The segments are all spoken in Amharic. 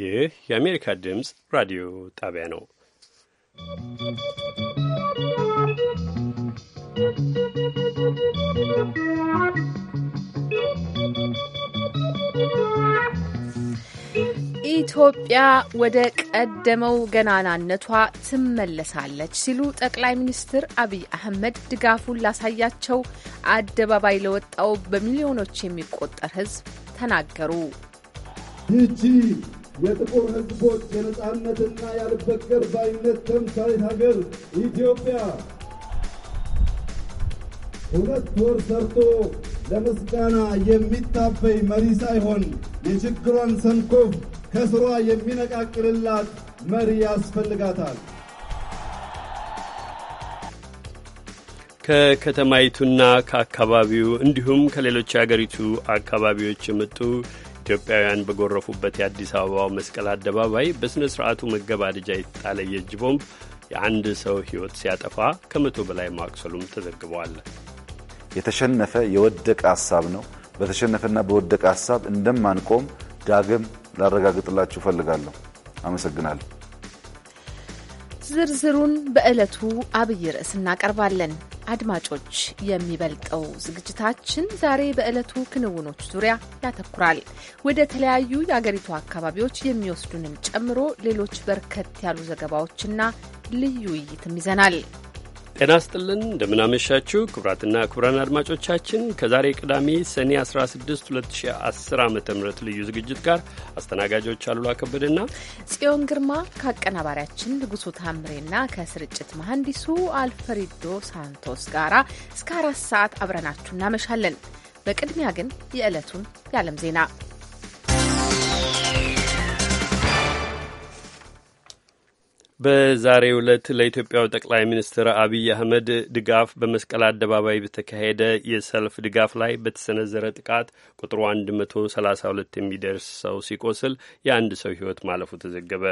ይህ የአሜሪካ ድምፅ ራዲዮ ጣቢያ ነው። ኢትዮጵያ ወደ ቀደመው ገናናነቷ ትመለሳለች ሲሉ ጠቅላይ ሚኒስትር አብይ አህመድ ድጋፉን ላሳያቸው አደባባይ ለወጣው በሚሊዮኖች የሚቆጠር ሕዝብ ተናገሩ። የጥቁር ሕዝቦች የነፃነትና ያልበገር ባይነት ተምሳሌት ሀገር ኢትዮጵያ ሁለት ወር ሰርቶ ለምስጋና የሚታበይ መሪ ሳይሆን የችግሯን ሰንኮፍ ከስሯ የሚነቃቅልላት መሪ ያስፈልጋታል። ከከተማይቱና ከአካባቢው እንዲሁም ከሌሎች የአገሪቱ አካባቢዎች የመጡ ኢትዮጵያውያን በጎረፉበት የአዲስ አበባው መስቀል አደባባይ በሥነ ሥርዓቱ መገባደጃ የተጣለ የእጅ ቦምብ የአንድ ሰው ሕይወት ሲያጠፋ ከመቶ በላይ ማቁሰሉም ተዘግበዋል። የተሸነፈ የወደቀ ሀሳብ ነው። በተሸነፈና በወደቀ ሀሳብ እንደማንቆም ዳግም ላረጋግጥላችሁ እፈልጋለሁ። አመሰግናለሁ። ዝርዝሩን በዕለቱ አብይ ርዕስ እናቀርባለን። አድማጮች፣ የሚበልጠው ዝግጅታችን ዛሬ በዕለቱ ክንውኖች ዙሪያ ያተኩራል። ወደ ተለያዩ የአገሪቱ አካባቢዎች የሚወስዱንም ጨምሮ ሌሎች በርከት ያሉ ዘገባዎችና ልዩ ውይይትም ይዘናል። ጤና ስጥልን እንደምናመሻችሁ ክቡራትና ክቡራን አድማጮቻችን ከዛሬ ቅዳሜ ሰኔ 16 2010 ዓ ም ልዩ ዝግጅት ጋር አስተናጋጆች አሉላ ከበደና ጽዮን ግርማ ከአቀናባሪያችን ንጉሱ ታምሬና ከስርጭት መሐንዲሱ አልፈሪዶ ሳንቶስ ጋራ እስከ አራት ሰዓት አብረናችሁ እናመሻለን። በቅድሚያ ግን የዕለቱን የዓለም ዜና በዛሬ ዕለት ለኢትዮጵያው ጠቅላይ ሚኒስትር አብይ አህመድ ድጋፍ በመስቀል አደባባይ በተካሄደ የሰልፍ ድጋፍ ላይ በተሰነዘረ ጥቃት ቁጥሩ 132 የሚደርስ ሰው ሲቆስል የአንድ ሰው ሕይወት ማለፉ ተዘገበ።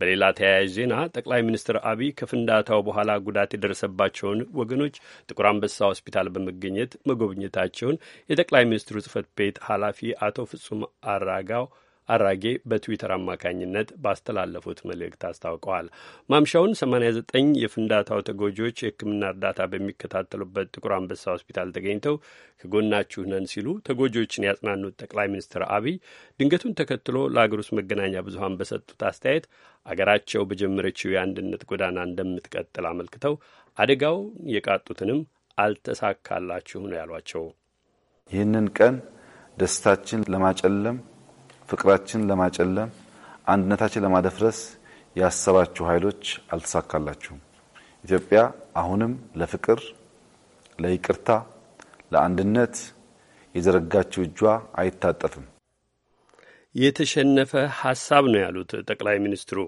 በሌላ ተያያዥ ዜና ጠቅላይ ሚኒስትር አብይ ከፍንዳታው በኋላ ጉዳት የደረሰባቸውን ወገኖች ጥቁር አንበሳ ሆስፒታል በመገኘት መጎብኘታቸውን የጠቅላይ ሚኒስትሩ ጽህፈት ቤት ኃላፊ አቶ ፍጹም አራጋው አራጌ በትዊተር አማካኝነት ባስተላለፉት መልእክት አስታውቀዋል። ማምሻውን 89 የፍንዳታው ተጎጂዎች የሕክምና እርዳታ በሚከታተሉበት ጥቁር አንበሳ ሆስፒታል ተገኝተው ከጎናችሁ ነን ሲሉ ተጎጂዎችን ያጽናኑት ጠቅላይ ሚኒስትር አብይ ድንገቱን ተከትሎ ለአገር ውስጥ መገናኛ ብዙሀን በሰጡት አስተያየት አገራቸው በጀመረችው የአንድነት ጎዳና እንደምትቀጥል አመልክተው አደጋው የቃጡትንም አልተሳካላችሁ ነው ያሏቸው። ይህንን ቀን ደስታችን ለማጨለም ፍቅራችን ለማጨለም አንድነታችን ለማደፍረስ ያሰባችሁ ኃይሎች አልተሳካላችሁም። ኢትዮጵያ አሁንም ለፍቅር፣ ለይቅርታ፣ ለአንድነት የዘረጋችው እጇ አይታጠፍም። የተሸነፈ ሀሳብ ነው ያሉት ጠቅላይ ሚኒስትሩ።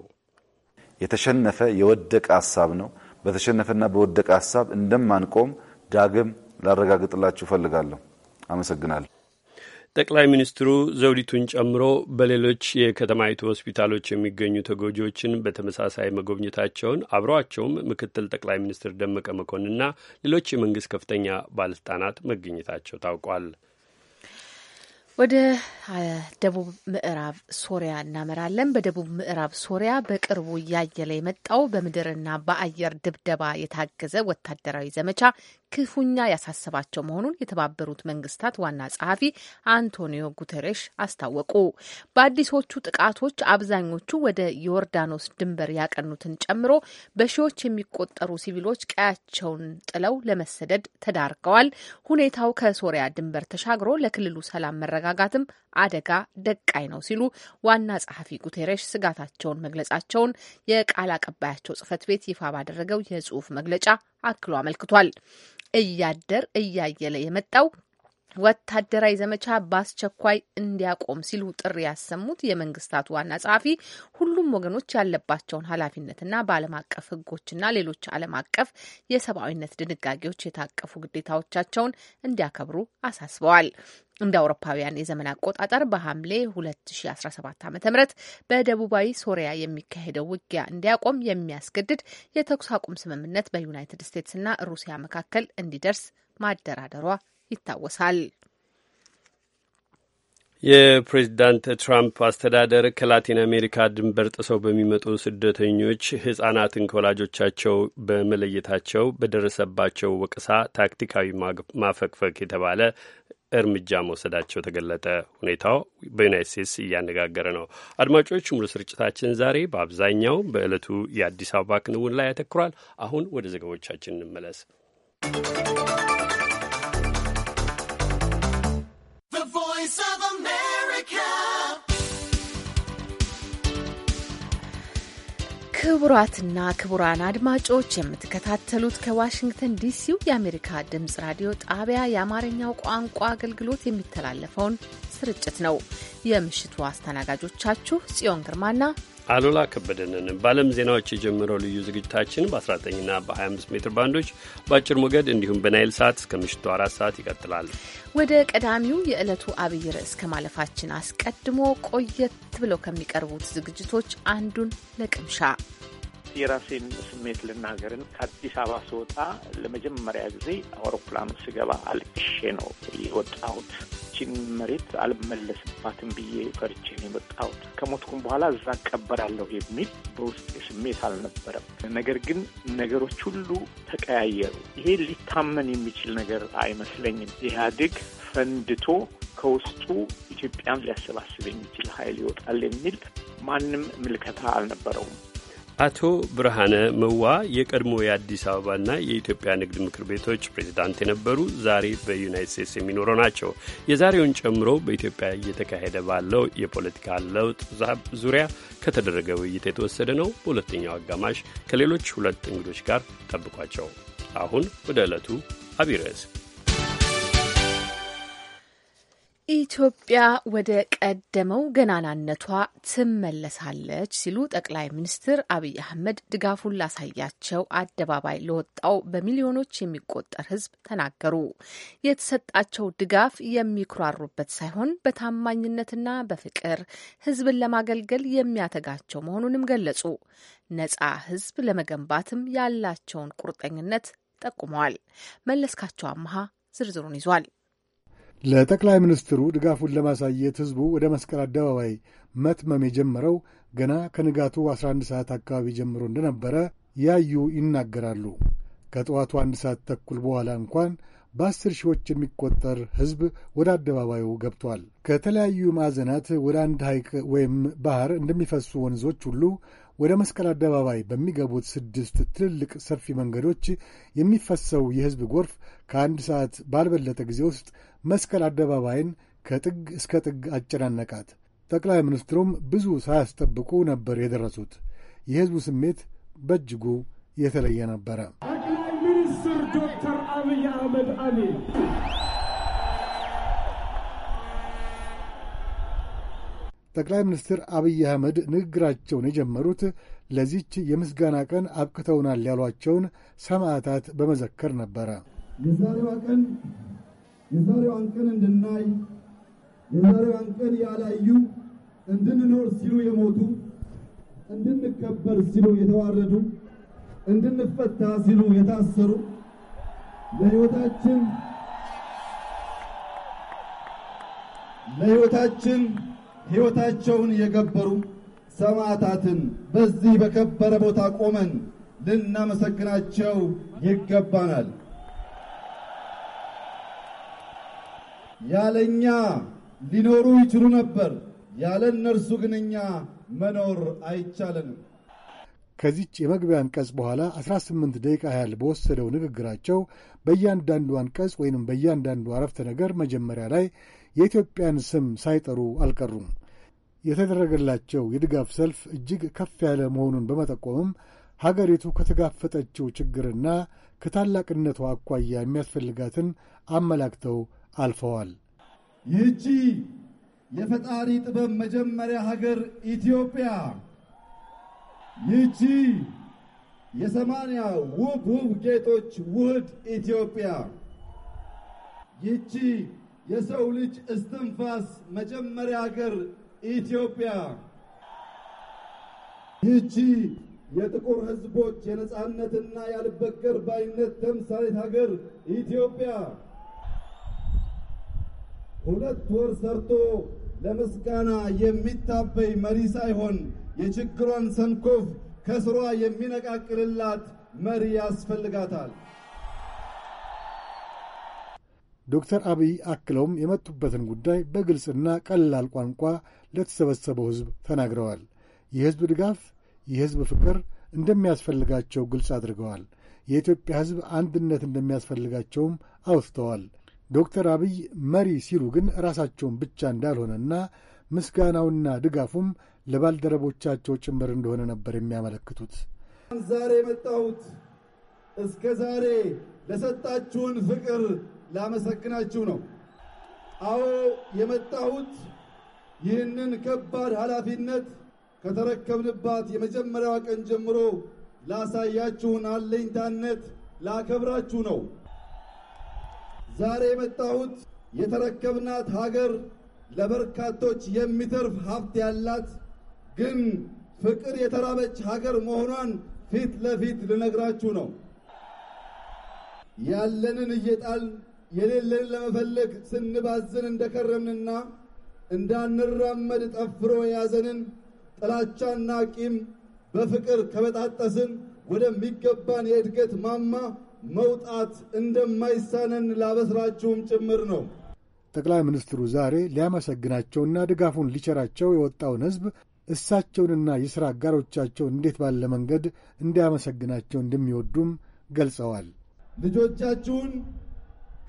የተሸነፈ የወደቀ ሀሳብ ነው። በተሸነፈና በወደቀ ሀሳብ እንደማንቆም ዳግም ላረጋግጥላችሁ እፈልጋለሁ። አመሰግናለሁ። ጠቅላይ ሚኒስትሩ ዘውዲቱን ጨምሮ በሌሎች የከተማይቱ ሆስፒታሎች የሚገኙ ተጎጂዎችን በተመሳሳይ መጎብኘታቸውን አብረዋቸውም ምክትል ጠቅላይ ሚኒስትር ደመቀ መኮንንና ሌሎች የመንግስት ከፍተኛ ባለስልጣናት መገኘታቸው ታውቋል። ወደ ደቡብ ምዕራብ ሶሪያ እናመራለን። በደቡብ ምዕራብ ሶሪያ በቅርቡ እያየለ የመጣው በምድርና በአየር ድብደባ የታገዘ ወታደራዊ ዘመቻ ክፉኛ ያሳሰባቸው መሆኑን የተባበሩት መንግስታት ዋና ጸሐፊ አንቶኒዮ ጉተሬሽ አስታወቁ። በአዲሶቹ ጥቃቶች አብዛኞቹ ወደ ዮርዳኖስ ድንበር ያቀኑትን ጨምሮ በሺዎች የሚቆጠሩ ሲቪሎች ቀያቸውን ጥለው ለመሰደድ ተዳርገዋል። ሁኔታው ከሶሪያ ድንበር ተሻግሮ ለክልሉ ሰላም መረጋጋትም አደጋ ደቃይ ነው ሲሉ ዋና ጸሐፊ ጉቴሬሽ ስጋታቸውን መግለጻቸውን የቃል አቀባያቸው ጽህፈት ቤት ይፋ ባደረገው የጽሁፍ መግለጫ አክሎ አመልክቷል። እያደር እያየለ የመጣው ወታደራዊ ዘመቻ በአስቸኳይ እንዲያቆም ሲሉ ጥሪ ያሰሙት የመንግስታቱ ዋና ጸሐፊ ሁሉም ወገኖች ያለባቸውን ኃላፊነትና በዓለም አቀፍ ሕጎችና ሌሎች ዓለም አቀፍ የሰብአዊነት ድንጋጌዎች የታቀፉ ግዴታዎቻቸውን እንዲያከብሩ አሳስበዋል። እንደ አውሮፓውያን የዘመን አቆጣጠር በሐምሌ 2017 ዓ ም በደቡባዊ ሶሪያ የሚካሄደው ውጊያ እንዲያቆም የሚያስገድድ የተኩስ አቁም ስምምነት በዩናይትድ ስቴትስ እና ሩሲያ መካከል እንዲደርስ ማደራደሯ ይታወሳል። የፕሬዚዳንት ትራምፕ አስተዳደር ከላቲን አሜሪካ ድንበር ጥሰው በሚመጡ ስደተኞች ህጻናትን ከወላጆቻቸው በመለየታቸው በደረሰባቸው ወቀሳ ታክቲካዊ ማፈግፈግ የተባለ እርምጃ መውሰዳቸው ተገለጠ። ሁኔታው በዩናይት ስቴትስ እያነጋገረ ነው። አድማጮች፣ ሙሉ ስርጭታችን ዛሬ በአብዛኛው በዕለቱ የአዲስ አበባ ክንውን ላይ ያተኩራል። አሁን ወደ ዘገቦቻችን እንመለስ። ክቡራትና ክቡራን አድማጮች የምትከታተሉት ከዋሽንግተን ዲሲው የአሜሪካ ድምፅ ራዲዮ ጣቢያ የአማርኛው ቋንቋ አገልግሎት የሚተላለፈውን ስርጭት ነው። የምሽቱ አስተናጋጆቻችሁ ጽዮን ግርማና አሉላ ከበደንን በዓለም ዜናዎች የጀመረው ልዩ ዝግጅታችን በ19ና በ25 ሜትር ባንዶች በአጭር ሞገድ እንዲሁም በናይል ሰዓት እስከ ምሽቱ አራት ሰዓት ይቀጥላል። ወደ ቀዳሚው የዕለቱ አብይ ርዕስ ከማለፋችን አስቀድሞ ቆየት ብለው ከሚቀርቡት ዝግጅቶች አንዱን ለቅምሻ የራሴን ስሜት ልናገርን ከአዲስ አበባ ስወጣ ለመጀመሪያ ጊዜ አውሮፕላኑ ስገባ አልቅሼ ነው የወጣሁት። ችን መሬት አልመለስባትም ብዬ ፈርቼ ነው የወጣሁት። ከሞትኩም በኋላ እዛ እቀበራለሁ የሚል በውስጤ ስሜት አልነበረም። ነገር ግን ነገሮች ሁሉ ተቀያየሩ። ይሄ ሊታመን የሚችል ነገር አይመስለኝም። ኢህአዴግ ፈንድቶ ከውስጡ ኢትዮጵያን ሊያሰባስብ የሚችል ኃይል ይወጣል የሚል ማንም ምልከታ አልነበረውም። አቶ ብርሃነ መዋ የቀድሞ የአዲስ አበባና የኢትዮጵያ ንግድ ምክር ቤቶች ፕሬዚዳንት የነበሩ ዛሬ በዩናይት ስቴትስ የሚኖሩ ናቸው። የዛሬውን ጨምሮ በኢትዮጵያ እየተካሄደ ባለው የፖለቲካ ለውጥ ዙሪያ ከተደረገ ውይይት የተወሰደ ነው። በሁለተኛው አጋማሽ ከሌሎች ሁለት እንግዶች ጋር ጠብቋቸው። አሁን ወደ ዕለቱ አቢረስ! ርዕስ ኢትዮጵያ ወደ ቀደመው ገናናነቷ ትመለሳለች ሲሉ ጠቅላይ ሚኒስትር አብይ አህመድ ድጋፉን ላሳያቸው አደባባይ ለወጣው በሚሊዮኖች የሚቆጠር ሕዝብ ተናገሩ። የተሰጣቸው ድጋፍ የሚኩራሩበት ሳይሆን በታማኝነትና በፍቅር ሕዝብን ለማገልገል የሚያተጋቸው መሆኑንም ገለጹ። ነጻ ሕዝብ ለመገንባትም ያላቸውን ቁርጠኝነት ጠቁመዋል። መለስካቸው አመሃ ዝርዝሩን ይዟል። ለጠቅላይ ሚኒስትሩ ድጋፉን ለማሳየት ሕዝቡ ወደ መስቀል አደባባይ መትመም የጀመረው ገና ከንጋቱ 11 ሰዓት አካባቢ ጀምሮ እንደነበረ ያዩ ይናገራሉ። ከጠዋቱ አንድ ሰዓት ተኩል በኋላ እንኳን በአስር ሺዎች የሚቆጠር ሕዝብ ወደ አደባባዩ ገብቷል። ከተለያዩ ማዕዘናት ወደ አንድ ሐይቅ ወይም ባህር እንደሚፈሱ ወንዞች ሁሉ ወደ መስቀል አደባባይ በሚገቡት ስድስት ትልልቅ ሰፊ መንገዶች የሚፈሰው የሕዝብ ጎርፍ ከአንድ ሰዓት ባልበለጠ ጊዜ ውስጥ መስቀል አደባባይን ከጥግ እስከ ጥግ አጨናነቃት። ጠቅላይ ሚኒስትሩም ብዙ ሳያስጠብቁ ነበር የደረሱት። የሕዝቡ ስሜት በእጅጉ የተለየ ነበረ። ጠቅላይ ሚኒስትር ዶክተር አብይ አህመድ አሊ ጠቅላይ ሚኒስትር አብይ አህመድ ንግግራቸውን የጀመሩት ለዚች የምስጋና ቀን አብቅተውናል ያሏቸውን ሰማዕታት በመዘከር ነበረ። የዛሬዋ ቀን የዛሬዋን ቀን እንድናይ የዛሬዋን ቀን ያላዩ እንድንኖር ሲሉ የሞቱ እንድንከበር ሲሉ የተዋረዱ እንድንፈታ ሲሉ የታሰሩ ለሕይወታችን ለሕይወታችን ሕይወታቸውን የገበሩ ሰማዕታትን በዚህ በከበረ ቦታ ቆመን ልናመሰግናቸው ይገባናል። ያለኛ ሊኖሩ ይችሉ ነበር። ያለ እነርሱ ግን እኛ መኖር አይቻለንም። ከዚች የመግቢያ አንቀጽ በኋላ 18 ደቂቃ ያህል በወሰደው ንግግራቸው በእያንዳንዱ አንቀጽ ወይንም በእያንዳንዱ አረፍተ ነገር መጀመሪያ ላይ የኢትዮጵያን ስም ሳይጠሩ አልቀሩም። የተደረገላቸው የድጋፍ ሰልፍ እጅግ ከፍ ያለ መሆኑን በመጠቆምም ሀገሪቱ ከተጋፈጠችው ችግርና ከታላቅነቷ አኳያ የሚያስፈልጋትን አመላክተው አልፈዋል። ይህቺ የፈጣሪ ጥበብ መጀመሪያ ሀገር ኢትዮጵያ ይህቺ የሰማንያ ውብ ውብ ጌጦች ውህድ ኢትዮጵያ ይህቺ የሰው ልጅ እስትንፋስ መጀመሪያ ሀገር ኢትዮጵያ ይቺ የጥቁር ሕዝቦች የነጻነትና ያልበገር ባይነት ተምሳሌት ሀገር ኢትዮጵያ ሁለት ወር ሰርቶ ለምስጋና የሚታበይ መሪ ሳይሆን የችግሯን ሰንኮፍ ከስሯ የሚነቃቅልላት መሪ ያስፈልጋታል። ዶክተር አብይ አክለውም የመጡበትን ጉዳይ በግልጽና ቀላል ቋንቋ ለተሰበሰበው ሕዝብ ተናግረዋል። የሕዝብ ድጋፍ፣ የሕዝብ ፍቅር እንደሚያስፈልጋቸው ግልጽ አድርገዋል። የኢትዮጵያ ሕዝብ አንድነት እንደሚያስፈልጋቸውም አውስተዋል። ዶክተር አብይ መሪ ሲሉ ግን ራሳቸውን ብቻ እንዳልሆነና ምስጋናውና ድጋፉም ለባልደረቦቻቸው ጭምር እንደሆነ ነበር የሚያመለክቱት። ዛሬ የመጣሁት እስከ ዛሬ ለሰጣችሁን ፍቅር ላመሰግናችሁ ነው። አዎ የመጣሁት ይህንን ከባድ ኃላፊነት ከተረከብንባት የመጀመሪያዋ ቀን ጀምሮ ላሳያችሁን አለኝታነት ላከብራችሁ ነው። ዛሬ የመጣሁት የተረከብናት ሀገር ለበርካቶች የሚተርፍ ሀብት ያላት ግን ፍቅር የተራበች ሀገር መሆኗን ፊት ለፊት ልነግራችሁ ነው። ያለንን እየጣል የሌለን ለመፈለግ ስንባዝን እንደከረምንና እንዳንራመድ ጠፍሮ የያዘንን ጥላቻና ቂም በፍቅር ከበጣጠስን ወደሚገባን የእድገት ማማ መውጣት እንደማይሳነን ላበስራችሁም ጭምር ነው። ጠቅላይ ሚኒስትሩ ዛሬ ሊያመሰግናቸውና ድጋፉን ሊቸራቸው የወጣውን ሕዝብ እሳቸውንና የሥራ አጋሮቻቸው እንዴት ባለ መንገድ እንዲያመሰግናቸው እንደሚወዱም ገልጸዋል። ልጆቻችሁን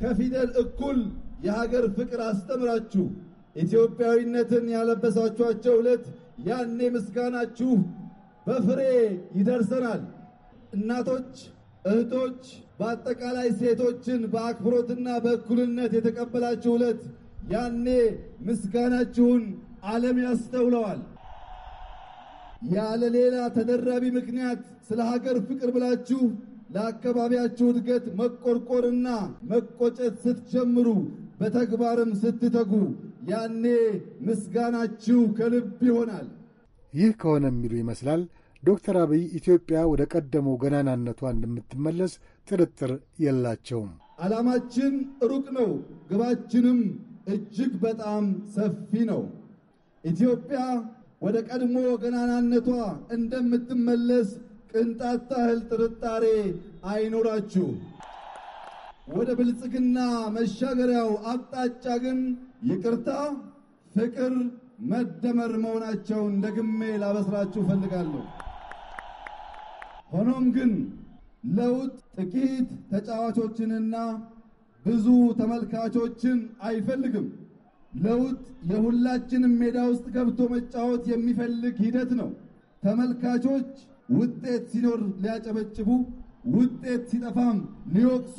ከፊደል እኩል የሀገር ፍቅር አስተምራችሁ ኢትዮጵያዊነትን ያለበሳችኋቸው ዕለት ያኔ ምስጋናችሁ በፍሬ ይደርሰናል። እናቶች፣ እህቶች፣ በአጠቃላይ ሴቶችን በአክብሮትና በእኩልነት የተቀበላችሁ ዕለት ያኔ ምስጋናችሁን ዓለም ያስተውለዋል። ያለ ሌላ ተደራቢ ምክንያት ስለ ሀገር ፍቅር ብላችሁ ለአካባቢያችሁ እድገት መቆርቆርና መቆጨት ስትጀምሩ በተግባርም ስትተጉ ያኔ ምስጋናችሁ ከልብ ይሆናል። ይህ ከሆነ የሚሉ ይመስላል ዶክተር አብይ ኢትዮጵያ ወደ ቀደመው ገናናነቷ እንደምትመለስ ጥርጥር የላቸውም። ዓላማችን ሩቅ ነው፣ ግባችንም እጅግ በጣም ሰፊ ነው። ኢትዮጵያ ወደ ቀድሞ ገናናነቷ እንደምትመለስ ቅንጣት ታህል ጥርጣሬ አይኖራችሁ። ወደ ብልጽግና መሻገሪያው አቅጣጫ ግን ይቅርታ፣ ፍቅር፣ መደመር መሆናቸውን ደግሜ ላበስራችሁ እፈልጋለሁ። ሆኖም ግን ለውጥ ጥቂት ተጫዋቾችንና ብዙ ተመልካቾችን አይፈልግም። ለውጥ የሁላችንም ሜዳ ውስጥ ገብቶ መጫወት የሚፈልግ ሂደት ነው። ተመልካቾች ውጤት ሲኖር ሊያጨበጭቡ፣ ውጤት ሲጠፋም ሊወቅሱ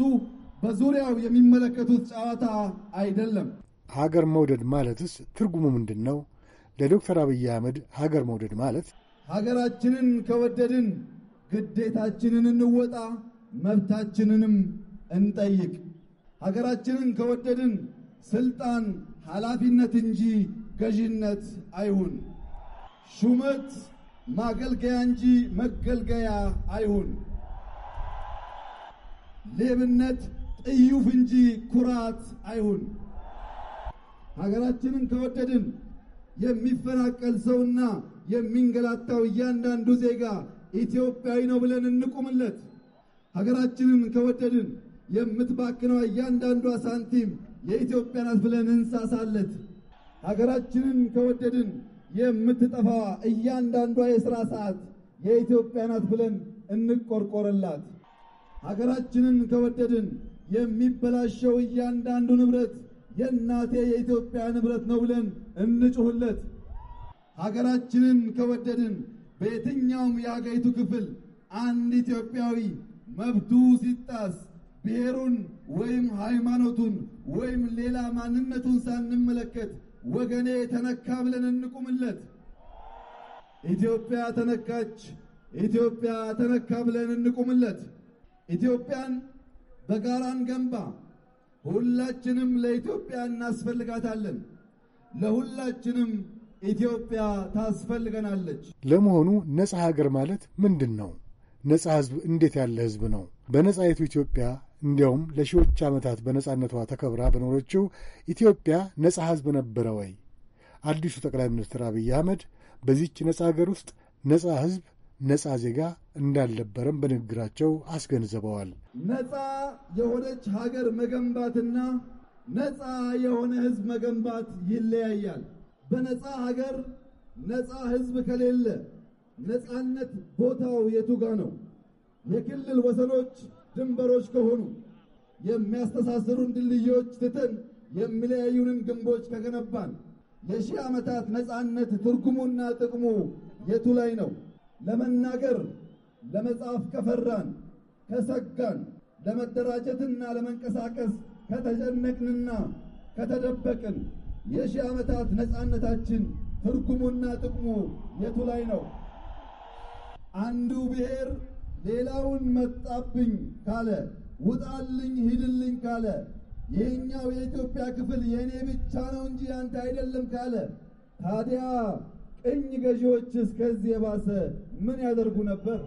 በዙሪያው የሚመለከቱት ጨዋታ አይደለም። ሀገር መውደድ ማለትስ ትርጉሙ ምንድን ነው? ለዶክተር አብይ አህመድ ሀገር መውደድ ማለት ሀገራችንን ከወደድን ግዴታችንን እንወጣ፣ መብታችንንም እንጠይቅ። ሀገራችንን ከወደድን ስልጣን ኃላፊነት እንጂ ገዥነት አይሁን። ሹመት ማገልገያ እንጂ መገልገያ አይሁን። ሌብነት ጥዩፍ እንጂ ኩራት አይሁን። ሀገራችንን ከወደድን የሚፈናቀል ሰውና የሚንገላታው እያንዳንዱ ዜጋ ኢትዮጵያዊ ነው ብለን እንቁምለት። ሀገራችንን ከወደድን የምትባክነው እያንዳንዷ ሳንቲም የኢትዮጵያ ናት ብለን እንሳሳለት። ሀገራችንን ከወደድን የምትጠፋ እያንዳንዷ የሥራ ሰዓት የኢትዮጵያ ናት ብለን እንቆርቆርላት። ሀገራችንን ከወደድን የሚበላሸው እያንዳንዱ ንብረት የእናቴ የኢትዮጵያ ንብረት ነው ብለን እንጩሁለት ሀገራችንን ከወደድን በየትኛውም የአገሪቱ ክፍል አንድ ኢትዮጵያዊ መብቱ ሲጣስ ብሔሩን ወይም ሃይማኖቱን ወይም ሌላ ማንነቱን ሳንመለከት ወገኔ ተነካ ብለን እንቁምለት። ኢትዮጵያ ተነካች፣ ኢትዮጵያ ተነካ ብለን እንቁምለት። ኢትዮጵያን በጋራን ገንባ ሁላችንም ለኢትዮጵያ እናስፈልጋታለን። ለሁላችንም ኢትዮጵያ ታስፈልገናለች። ለመሆኑ ነፃ ሀገር ማለት ምንድን ነው? ነፃ እንዴት ያለ ህዝብ ነው? በነጻይቱ ኢትዮጵያ እንዲያውም ለሺዎች ዓመታት በነጻነቷ ተከብራ በኖረችው ኢትዮጵያ ነጻ ሕዝብ ነበረ ወይ? አዲሱ ጠቅላይ ሚኒስትር አብይ አህመድ በዚች ነጻ አገር ውስጥ ነጻ ሕዝብ፣ ነጻ ዜጋ እንዳልነበረም በንግግራቸው አስገንዝበዋል። ነጻ የሆነች ሀገር መገንባትና ነጻ የሆነ ሕዝብ መገንባት ይለያያል። በነጻ ሀገር ነጻ ሕዝብ ከሌለ ነጻነት ቦታው የቱ ጋ ነው? የክልል ወሰኖች ድንበሮች ከሆኑ የሚያስተሳስሩን ድልድዮች ትተን የሚለያዩንን ግንቦች ከገነባን የሺህ ዓመታት ነፃነት ትርጉሙና ጥቅሙ የቱ ላይ ነው? ለመናገር ለመጻፍ ከፈራን ከሰጋን፣ ለመደራጀትና ለመንቀሳቀስ ከተጨነቅንና ከተደበቅን የሺህ ዓመታት ነፃነታችን ትርጉሙና ጥቅሙ የቱ ላይ ነው? አንዱ ብሔር ሌላውን መጣብኝ ካለ፣ ውጣልኝ ሂድልኝ ካለ፣ ይህኛው የኢትዮጵያ ክፍል የእኔ ብቻ ነው እንጂ አንተ አይደለም ካለ፣ ታዲያ ቅኝ ገዢዎች እስከዚህ የባሰ ምን ያደርጉ ነበር?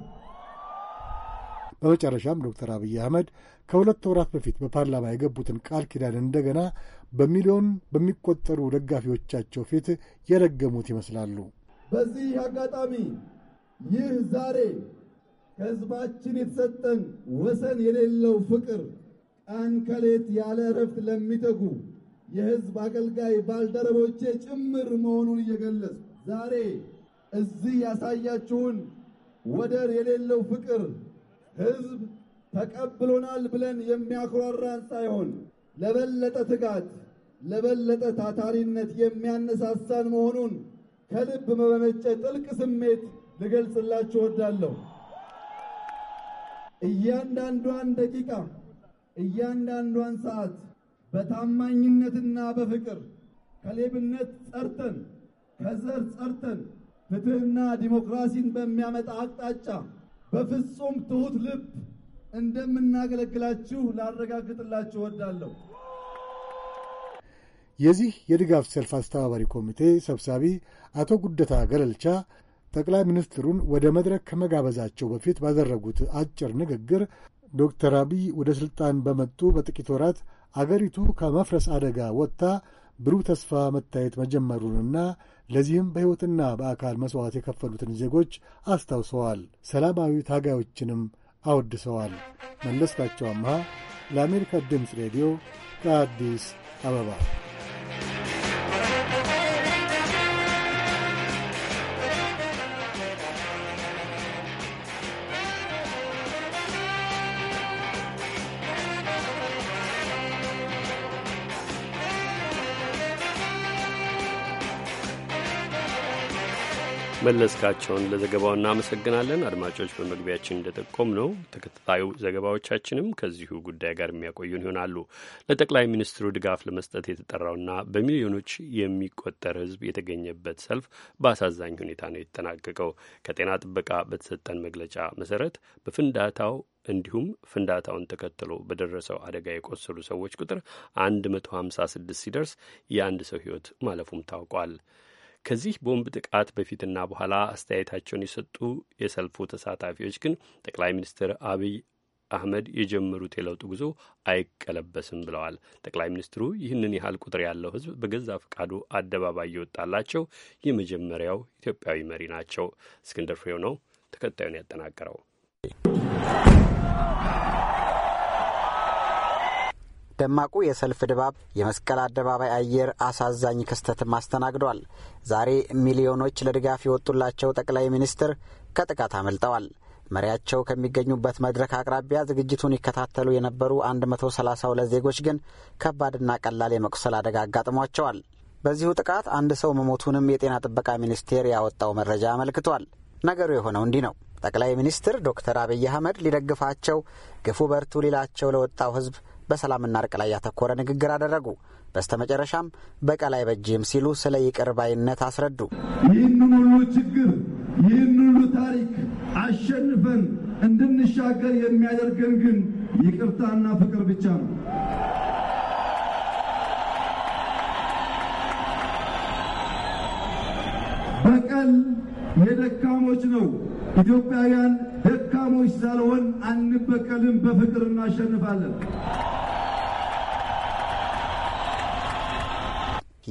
በመጨረሻም ዶክተር አብይ አህመድ ከሁለት ወራት በፊት በፓርላማ የገቡትን ቃል ኪዳን እንደገና በሚሊዮን በሚቆጠሩ ደጋፊዎቻቸው ፊት የረገሙት ይመስላሉ። በዚህ አጋጣሚ ይህ ዛሬ ከህዝባችን የተሰጠን ወሰን የሌለው ፍቅር ቀን ከሌት ያለ እረፍት ለሚተጉ የህዝብ አገልጋይ ባልደረቦቼ ጭምር መሆኑን እየገለጽ ዛሬ እዚህ ያሳያችሁን ወደር የሌለው ፍቅር ህዝብ ተቀብሎናል ብለን የሚያኮራራን ሳይሆን ለበለጠ ትጋት፣ ለበለጠ ታታሪነት የሚያነሳሳን መሆኑን ከልብ በመነጨ ጥልቅ ስሜት ልገልጽላችሁ እወዳለሁ። እያንዳንዷን ደቂቃ እያንዳንዷን ሰዓት በታማኝነትና በፍቅር ከሌብነት ጸርተን ከዘር ጸርተን ፍትህና ዲሞክራሲን በሚያመጣ አቅጣጫ በፍጹም ትሑት ልብ እንደምናገለግላችሁ ላረጋግጥላችሁ እወዳለሁ። የዚህ የድጋፍ ሰልፍ አስተባባሪ ኮሚቴ ሰብሳቢ አቶ ጉደታ ገለልቻ ጠቅላይ ሚኒስትሩን ወደ መድረክ ከመጋበዛቸው በፊት ባደረጉት አጭር ንግግር ዶክተር አብይ ወደ ሥልጣን በመጡ በጥቂት ወራት አገሪቱ ከመፍረስ አደጋ ወጥታ ብሩህ ተስፋ መታየት መጀመሩንና ለዚህም በሕይወትና በአካል መሥዋዕት የከፈሉትን ዜጎች አስታውሰዋል። ሰላማዊ ታጋዮችንም አወድሰዋል። መለስካቸው አምሃ ለአሜሪካ ድምፅ ሬዲዮ ከአዲስ አበባ መለስካቸውን ለዘገባው እናመሰግናለን። አድማጮች፣ በመግቢያችን እንደጠቆም ነው ተከታዩ ዘገባዎቻችንም ከዚሁ ጉዳይ ጋር የሚያቆዩን ይሆናሉ። ለጠቅላይ ሚኒስትሩ ድጋፍ ለመስጠት የተጠራውና በሚሊዮኖች የሚቆጠር ሕዝብ የተገኘበት ሰልፍ በአሳዛኝ ሁኔታ ነው የተጠናቀቀው። ከጤና ጥበቃ በተሰጠን መግለጫ መሰረት በፍንዳታው እንዲሁም ፍንዳታውን ተከትሎ በደረሰው አደጋ የቆሰሉ ሰዎች ቁጥር 156 ሲደርስ የአንድ ሰው ሕይወት ማለፉም ታውቋል። ከዚህ ቦምብ ጥቃት በፊትና በኋላ አስተያየታቸውን የሰጡ የሰልፉ ተሳታፊዎች ግን ጠቅላይ ሚኒስትር አብይ አህመድ የጀመሩት የለውጥ ጉዞ አይቀለበስም ብለዋል። ጠቅላይ ሚኒስትሩ ይህንን ያህል ቁጥር ያለው ሕዝብ በገዛ ፈቃዱ አደባባይ የወጣላቸው የመጀመሪያው ኢትዮጵያዊ መሪ ናቸው። እስክንድር ፍሬው ነው ተከታዩን ያጠናቀረው። ደማቁ የሰልፍ ድባብ፣ የመስቀል አደባባይ አየር አሳዛኝ ክስተትም አስተናግዷል። ዛሬ ሚሊዮኖች ለድጋፍ የወጡላቸው ጠቅላይ ሚኒስትር ከጥቃት አመልጠዋል። መሪያቸው ከሚገኙበት መድረክ አቅራቢያ ዝግጅቱን ይከታተሉ የነበሩ 132 ዜጎች ግን ከባድና ቀላል የመቁሰል አደጋ አጋጥሟቸዋል። በዚሁ ጥቃት አንድ ሰው መሞቱንም የጤና ጥበቃ ሚኒስቴር ያወጣው መረጃ አመልክቷል። ነገሩ የሆነው እንዲህ ነው። ጠቅላይ ሚኒስትር ዶክተር አብይ አህመድ ሊደግፋቸው ግፉ በርቱ ሊላቸው ለወጣው ህዝብ። በሰላምና እርቅ ላይ ያተኮረ ንግግር አደረጉ። በስተመጨረሻም በቀላይ በጅም ሲሉ ስለ ይቅር ባይነት አስረዱ። ይህን ሁሉ ችግር ይህን ሁሉ ታሪክ አሸንፈን እንድንሻገር የሚያደርገን ግን ይቅርታና ፍቅር ብቻ ነው። በቀል የደካሞች ነው። ኢትዮጵያውያን ደካሞች ሳልሆን አንበቀልም፣ በፍቅር እናሸንፋለን።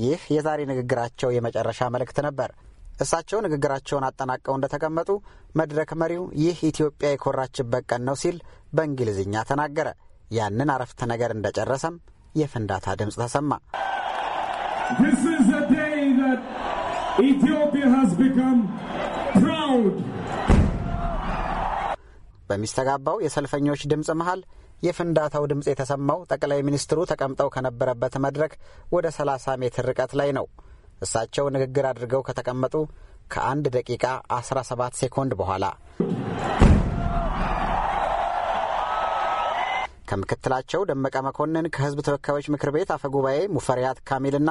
ይህ የዛሬ ንግግራቸው የመጨረሻ መልእክት ነበር። እሳቸው ንግግራቸውን አጠናቀው እንደተቀመጡ መድረክ መሪው ይህ ኢትዮጵያ የኮራችበት ቀን ነው ሲል በእንግሊዝኛ ተናገረ። ያንን አረፍተ ነገር እንደጨረሰም የፍንዳታ ድምፅ ተሰማ። Ethiopia has become proud. በሚስተጋባው የሰልፈኞች ድምፅ መሃል የፍንዳታው ድምፅ የተሰማው ጠቅላይ ሚኒስትሩ ተቀምጠው ከነበረበት መድረክ ወደ 30 ሜትር ርቀት ላይ ነው። እሳቸው ንግግር አድርገው ከተቀመጡ ከአንድ ደቂቃ 17 ሴኮንድ በኋላ ከምክትላቸው ደመቀ መኮንን ከህዝብ ተወካዮች ምክር ቤት አፈጉባኤ ሙፈሪያት ካሚልና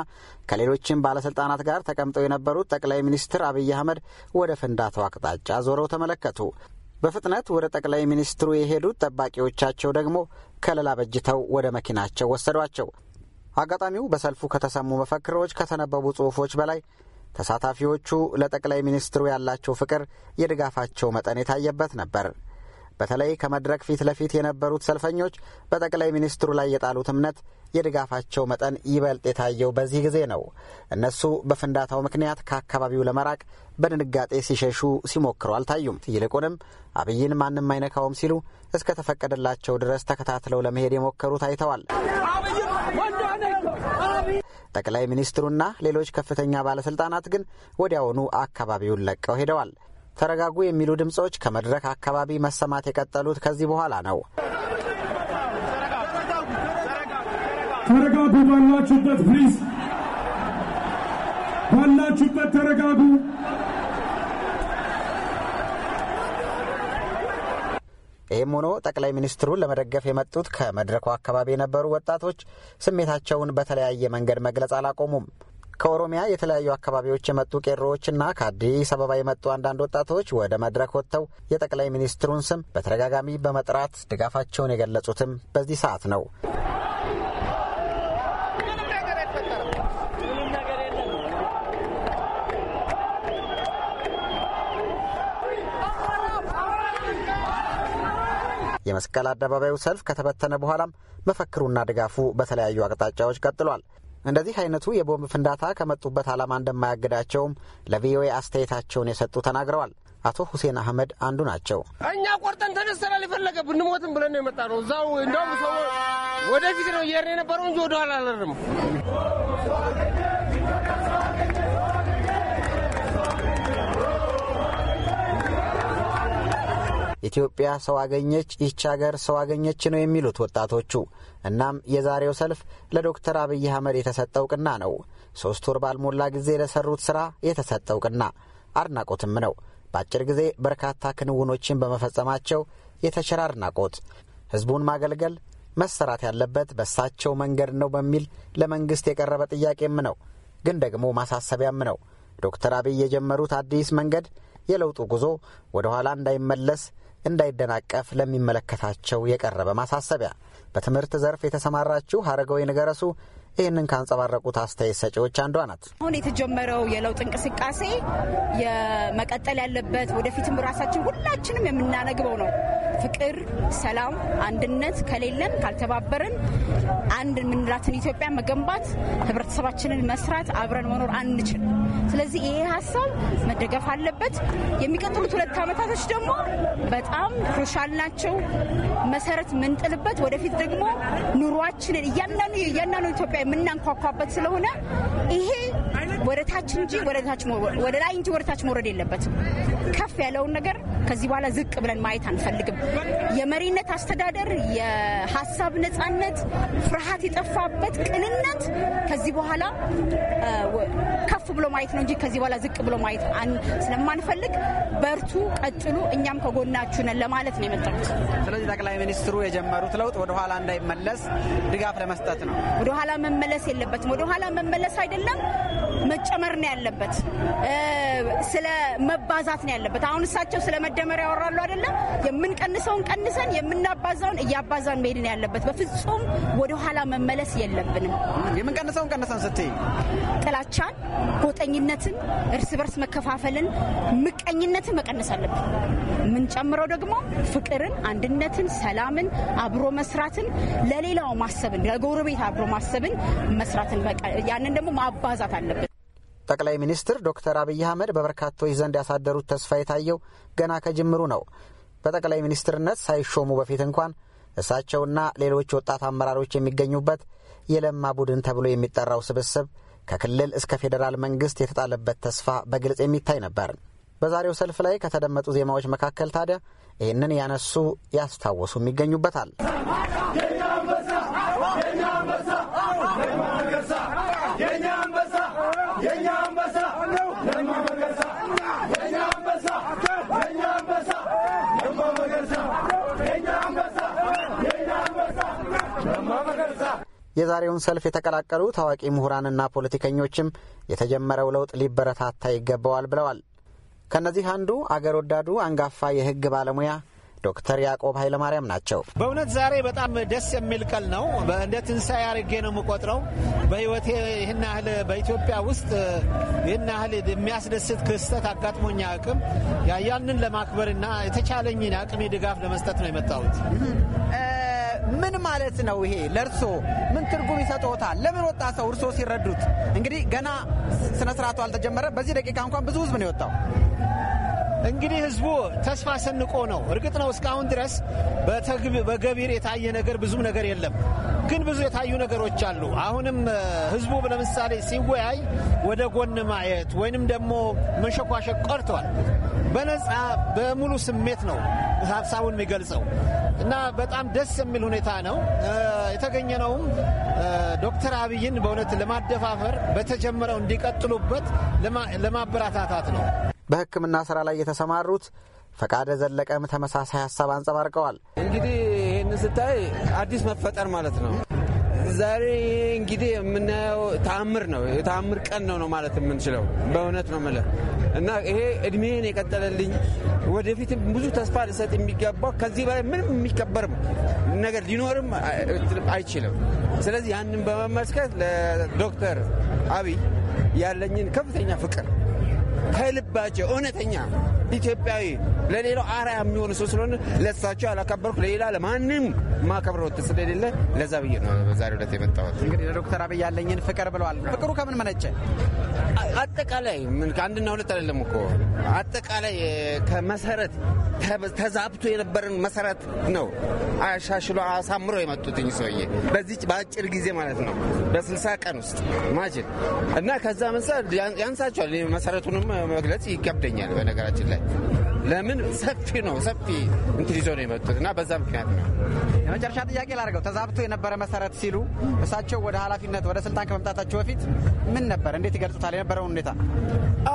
ከሌሎችም ባለስልጣናት ጋር ተቀምጠው የነበሩት ጠቅላይ ሚኒስትር አብይ አህመድ ወደ ፍንዳታው አቅጣጫ ዞረው ተመለከቱ። በፍጥነት ወደ ጠቅላይ ሚኒስትሩ የሄዱት ጠባቂዎቻቸው ደግሞ ከለላ በጅተው ወደ መኪናቸው ወሰዷቸው። አጋጣሚው በሰልፉ ከተሰሙ መፈክሮች፣ ከተነበቡ ጽሑፎች በላይ ተሳታፊዎቹ ለጠቅላይ ሚኒስትሩ ያላቸው ፍቅር፣ የድጋፋቸው መጠን የታየበት ነበር። በተለይ ከመድረክ ፊት ለፊት የነበሩት ሰልፈኞች በጠቅላይ ሚኒስትሩ ላይ የጣሉት እምነት የድጋፋቸው መጠን ይበልጥ የታየው በዚህ ጊዜ ነው። እነሱ በፍንዳታው ምክንያት ከአካባቢው ለመራቅ በድንጋጤ ሲሸሹ ሲሞክሩ አልታዩም። ይልቁንም አብይን ማንም አይነካውም ሲሉ እስከ ተፈቀደላቸው ድረስ ተከታትለው ለመሄድ የሞከሩ ታይተዋል። ጠቅላይ ሚኒስትሩና ሌሎች ከፍተኛ ባለስልጣናት ግን ወዲያውኑ አካባቢውን ለቀው ሄደዋል። ተረጋጉ የሚሉ ድምፆች ከመድረክ አካባቢ መሰማት የቀጠሉት ከዚህ በኋላ ነው። ተረጋጉ፣ ባላችሁበት ፕሊዝ፣ ባላችሁበት ተረጋጉ። ይህም ሆኖ ጠቅላይ ሚኒስትሩን ለመደገፍ የመጡት ከመድረኩ አካባቢ የነበሩ ወጣቶች ስሜታቸውን በተለያየ መንገድ መግለጽ አላቆሙም። ከኦሮሚያ የተለያዩ አካባቢዎች የመጡ ቄሮዎችና ከአዲስ አበባ የመጡ አንዳንድ ወጣቶች ወደ መድረክ ወጥተው የጠቅላይ ሚኒስትሩን ስም በተደጋጋሚ በመጥራት ድጋፋቸውን የገለጹትም በዚህ ሰዓት ነው። የመስቀል አደባባዩ ሰልፍ ከተበተነ በኋላም መፈክሩና ድጋፉ በተለያዩ አቅጣጫዎች ቀጥሏል። እንደዚህ አይነቱ የቦምብ ፍንዳታ ከመጡበት ዓላማ እንደማያግዳቸውም ለቪኦኤ አስተያየታቸውን የሰጡ ተናግረዋል። አቶ ሁሴን አህመድ አንዱ ናቸው። እኛ ቆርጠን ተነስተናል። የፈለገ ብንሞትም ብለን ነው የመጣ ነው። እዛው እንደውም ሰው ወደፊት ነው እየሄድን የነበረው እንጂ ወደኋላ አልሄድንም። ኢትዮጵያ ሰው አገኘች፣ ይህች ሀገር ሰው አገኘች ነው የሚሉት ወጣቶቹ። እናም የዛሬው ሰልፍ ለዶክተር አብይ አህመድ የተሰጠ እውቅና ነው። ሶስት ወር ባልሞላ ጊዜ ለሰሩት ስራ የተሰጠ እውቅና አድናቆትም ነው። በአጭር ጊዜ በርካታ ክንውኖችን በመፈጸማቸው የተቸረ አድናቆት። ህዝቡን ማገልገል መሰራት ያለበት በሳቸው መንገድ ነው በሚል ለመንግስት የቀረበ ጥያቄም ነው፣ ግን ደግሞ ማሳሰቢያም ነው። ዶክተር አብይ የጀመሩት አዲስ መንገድ የለውጡ ጉዞ ወደ ኋላ እንዳይመለስ እንዳይደናቀፍ ለሚመለከታቸው የቀረበ ማሳሰቢያ። በትምህርት ዘርፍ የተሰማራችሁ ሀረገወይን ገረሱ ይህንን ካንጸባረቁት አስተያየት ሰጪዎች አንዷ ናት። አሁን የተጀመረው የለውጥ እንቅስቃሴ የመቀጠል ያለበት ወደፊትም ራሳችን ሁላችንም የምናነግበው ነው። ፍቅር፣ ሰላም፣ አንድነት ከሌለን ካልተባበርን አንድ የምንላትን ኢትዮጵያ መገንባት፣ ህብረተሰባችንን መስራት፣ አብረን መኖር አንችል። ስለዚህ ይሄ ሀሳብ መደገፍ አለበት። የሚቀጥሉት ሁለት ዓመታቶች ደግሞ በጣም ክሩሻል ናቸው። መሰረት የምንጥልበት ወደፊት ደግሞ ኑሯችንን እያንዳንዱ ኢትዮጵያ የምናንኳኳበት ስለሆነ ይሄ ወደታች እንጂ ላይ እንጂ ወደታች መውረድ የለበትም። ከፍ ያለውን ነገር ከዚህ በኋላ ዝቅ ብለን ማየት አንፈልግም። የመሪነት አስተዳደር፣ የሀሳብ ነጻነት፣ ፍርሃት የጠፋበት ቅንነት ከዚህ በኋላ ከፍ ብሎ ማየት ነው እንጂ ከዚህ በኋላ ዝቅ ብሎ ማየት ስለማንፈልግ በርቱ፣ ቀጥሉ፣ እኛም ከጎናችሁ ነን ለማለት ነው የመጣሁት። ስለዚህ ጠቅላይ ሚኒስትሩ የጀመሩት ለውጥ ወደኋላ እንዳይመለስ ድጋፍ ለመስጠት ነው ወደኋላ መመለስ የለበትም። ወደኋላ መመለስ አይደለም መጨመር ነው ያለበት፣ ስለ መባዛት ነው ያለበት። አሁን እሳቸው ስለ መደመር ያወራሉ አይደለም። የምንቀንሰውን ቀንሰን የምናባዛውን እያባዛን መሄድ ነው ያለበት። በፍጹም ወደኋላ መመለስ የለብንም። የምንቀንሰውን ቀንሰን ስትይ ጥላቻን፣ ጎጠኝነትን፣ እርስ በርስ መከፋፈልን፣ ምቀኝነትን መቀነስ አለብን። የምንጨምረው ደግሞ ፍቅርን፣ አንድነትን፣ ሰላምን፣ አብሮ መስራትን፣ ለሌላው ማሰብን፣ ለጎረቤት አብሮ ማሰብን፣ መስራትን ያንን ደግሞ ማባዛት አለብን። ጠቅላይ ሚኒስትር ዶክተር አብይ አህመድ በበርካቶች ዘንድ ያሳደሩት ተስፋ የታየው ገና ከጅምሩ ነው። በጠቅላይ ሚኒስትርነት ሳይሾሙ በፊት እንኳን እሳቸውና ሌሎች ወጣት አመራሮች የሚገኙበት የለማ ቡድን ተብሎ የሚጠራው ስብስብ ከክልል እስከ ፌዴራል መንግስት የተጣለበት ተስፋ በግልጽ የሚታይ ነበር። በዛሬው ሰልፍ ላይ ከተደመጡ ዜማዎች መካከል ታዲያ ይህንን ያነሱ ያስታወሱም ይገኙበታል። የዛሬውን ሰልፍ የተቀላቀሉ ታዋቂ ምሁራንና ፖለቲከኞችም የተጀመረው ለውጥ ሊበረታታ ይገባዋል ብለዋል። ከእነዚህ አንዱ አገር ወዳዱ አንጋፋ የህግ ባለሙያ ዶክተር ያዕቆብ ኃይለማርያም ናቸው። በእውነት ዛሬ በጣም ደስ የሚል ቀን ነው። እንደ ትንሣኤ አድርጌ ነው የምቆጥረው። በህይወቴ ይህን ያህል በኢትዮጵያ ውስጥ ይህን ያህል የሚያስደስት ክስተት አጋጥሞኝ አቅም ያንን ለማክበርና የተቻለኝን አቅሜ ድጋፍ ለመስጠት ነው የመጣሁት። ምን ማለት ነው? ይሄ ለእርሶ ምን ትርጉም ይሰጥዎታል? ለምን ወጣ ሰው እርሶ ሲረዱት? እንግዲህ ገና ስነ ስርዓቱ አልተጀመረ። በዚህ ደቂቃ እንኳን ብዙ ህዝብ ነው የወጣው። እንግዲህ ህዝቡ ተስፋ ሰንቆ ነው። እርግጥ ነው እስካሁን ድረስ በገቢር የታየ ነገር ብዙም ነገር የለም፣ ግን ብዙ የታዩ ነገሮች አሉ። አሁንም ህዝቡ ለምሳሌ ሲወያይ ወደ ጎን ማየት ወይንም ደግሞ መንሸኳሸቅ ቀርቷል። በነፃ በሙሉ ስሜት ነው ሀሳቡን የሚገልጸው። እና በጣም ደስ የሚል ሁኔታ ነው የተገኘነውም ዶክተር አብይን በእውነት ለማደፋፈር በተጀመረው እንዲቀጥሉበት ለማበረታታት ነው። በሕክምና ስራ ላይ የተሰማሩት ፈቃደ ዘለቀም ተመሳሳይ ሀሳብ አንጸባርቀዋል። እንግዲህ ይህን ስታይ አዲስ መፈጠር ማለት ነው። ዛሬ እንግዲህ የምናየው ተአምር ነው። ተአምር ቀን ነው ነው ማለት የምንችለው በእውነት ነው የምልህ እና ይሄ እድሜን የቀጠለልኝ ወደፊትም ብዙ ተስፋ ልሰጥ የሚገባው ከዚህ በላይ ምንም የሚከበርም ነገር ሊኖርም አይችልም። ስለዚህ ያንን በመመስከት ለዶክተር አብይ ያለኝን ከፍተኛ ፍቅር ከልባቸው እውነተኛ ኢትዮጵያዊ ለሌላው አርአያ የሚሆኑ ሰው ስለሆነ ለሳቸው አላከበርኩ ለሌላ ለማንም ማከብረው ስለሌለ ለዛ ብዬ ነው በዛሬው ዕለት የመጣሁት። እንግዲህ ለዶክተር አብይ ያለኝን ፍቅር ብለዋል። ፍቅሩ ከምን መነጨ? አጠቃላይ አንድና ሁለት አይደለም እኮ አጠቃላይ ከመሰረት ተዛብቶ የነበረን መሰረት ነው አሻሽሎ አሳምሮ የመጡትኝ ሰውዬ በዚህ በአጭር ጊዜ ማለት ነው በስልሳ ቀን ውስጥ ማጅን እና ከዛ መንሳ ያንሳቸዋል መሰረቱን መግለጽ ይከብደኛል። በነገራችን ላይ ለምን ሰፊ ነው፣ ሰፊ እንትን ይዞ ነው የመጡት እና በዛ ምክንያት ነው። የመጨረሻ ጥያቄ ላርገው ተዛብቶ የነበረ መሰረት ሲሉ እሳቸው ወደ ኃላፊነት ወደ ስልጣን ከመምጣታቸው በፊት ምን ነበር? እንዴት ይገልጹታል የነበረውን ሁኔታ?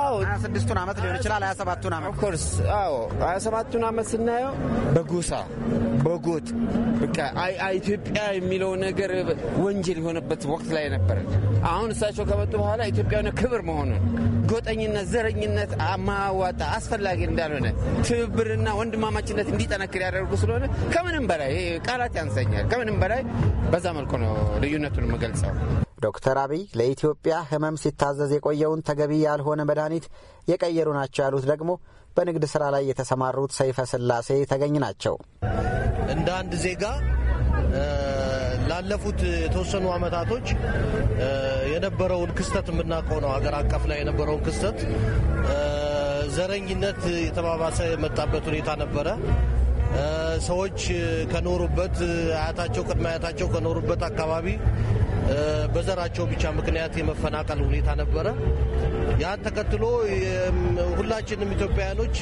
አዎ ሀያ ስድስቱን ዓመት ሊሆን ይችላል ሀያ ሰባቱን ዓመት ኦፍኮርስ። አዎ ሀያ ሰባቱን ዓመት ስናየው በጎሳ በጎጥ በቃ ኢትዮጵያ የሚለው ነገር ወንጀል የሆነበት ወቅት ላይ ነበር። አሁን እሳቸው ከመጡ በኋላ ኢትዮጵያ ክብር መሆኑን ጎጠኝነት፣ ዘረኝነት ማዋጣ አስፈላጊ እንዳልሆነ ትብብርና ወንድማማችነት እንዲጠነክር ያደርጉ ስለሆነ ከምንም በላይ ቃላት ያንሰኛል። ከምንም በላይ በዛ መልኩ ነው ልዩነቱን የምገልጸው። ዶክተር አብይ ለኢትዮጵያ ህመም ሲታዘዝ የቆየውን ተገቢ ያልሆነ መድኃኒት የቀየሩ ናቸው ያሉት ደግሞ በንግድ ስራ ላይ የተሰማሩት ሰይፈ ስላሴ ተገኝ ናቸው። እንደ አንድ ዜጋ ላለፉት የተወሰኑ አመታቶች የነበረውን ክስተት የምናውቀው ነው። ሀገር አቀፍ ላይ የነበረውን ክስተት ዘረኝነት የተባባሰ የመጣበት ሁኔታ ነበረ። ሰዎች ከኖሩበት አያታቸው ቅድመ አያታቸው ከኖሩበት አካባቢ በዘራቸው ብቻ ምክንያት የመፈናቀል ሁኔታ ነበረ። ያን ተከትሎ ሁላችንም ኢትዮጵያውያኖች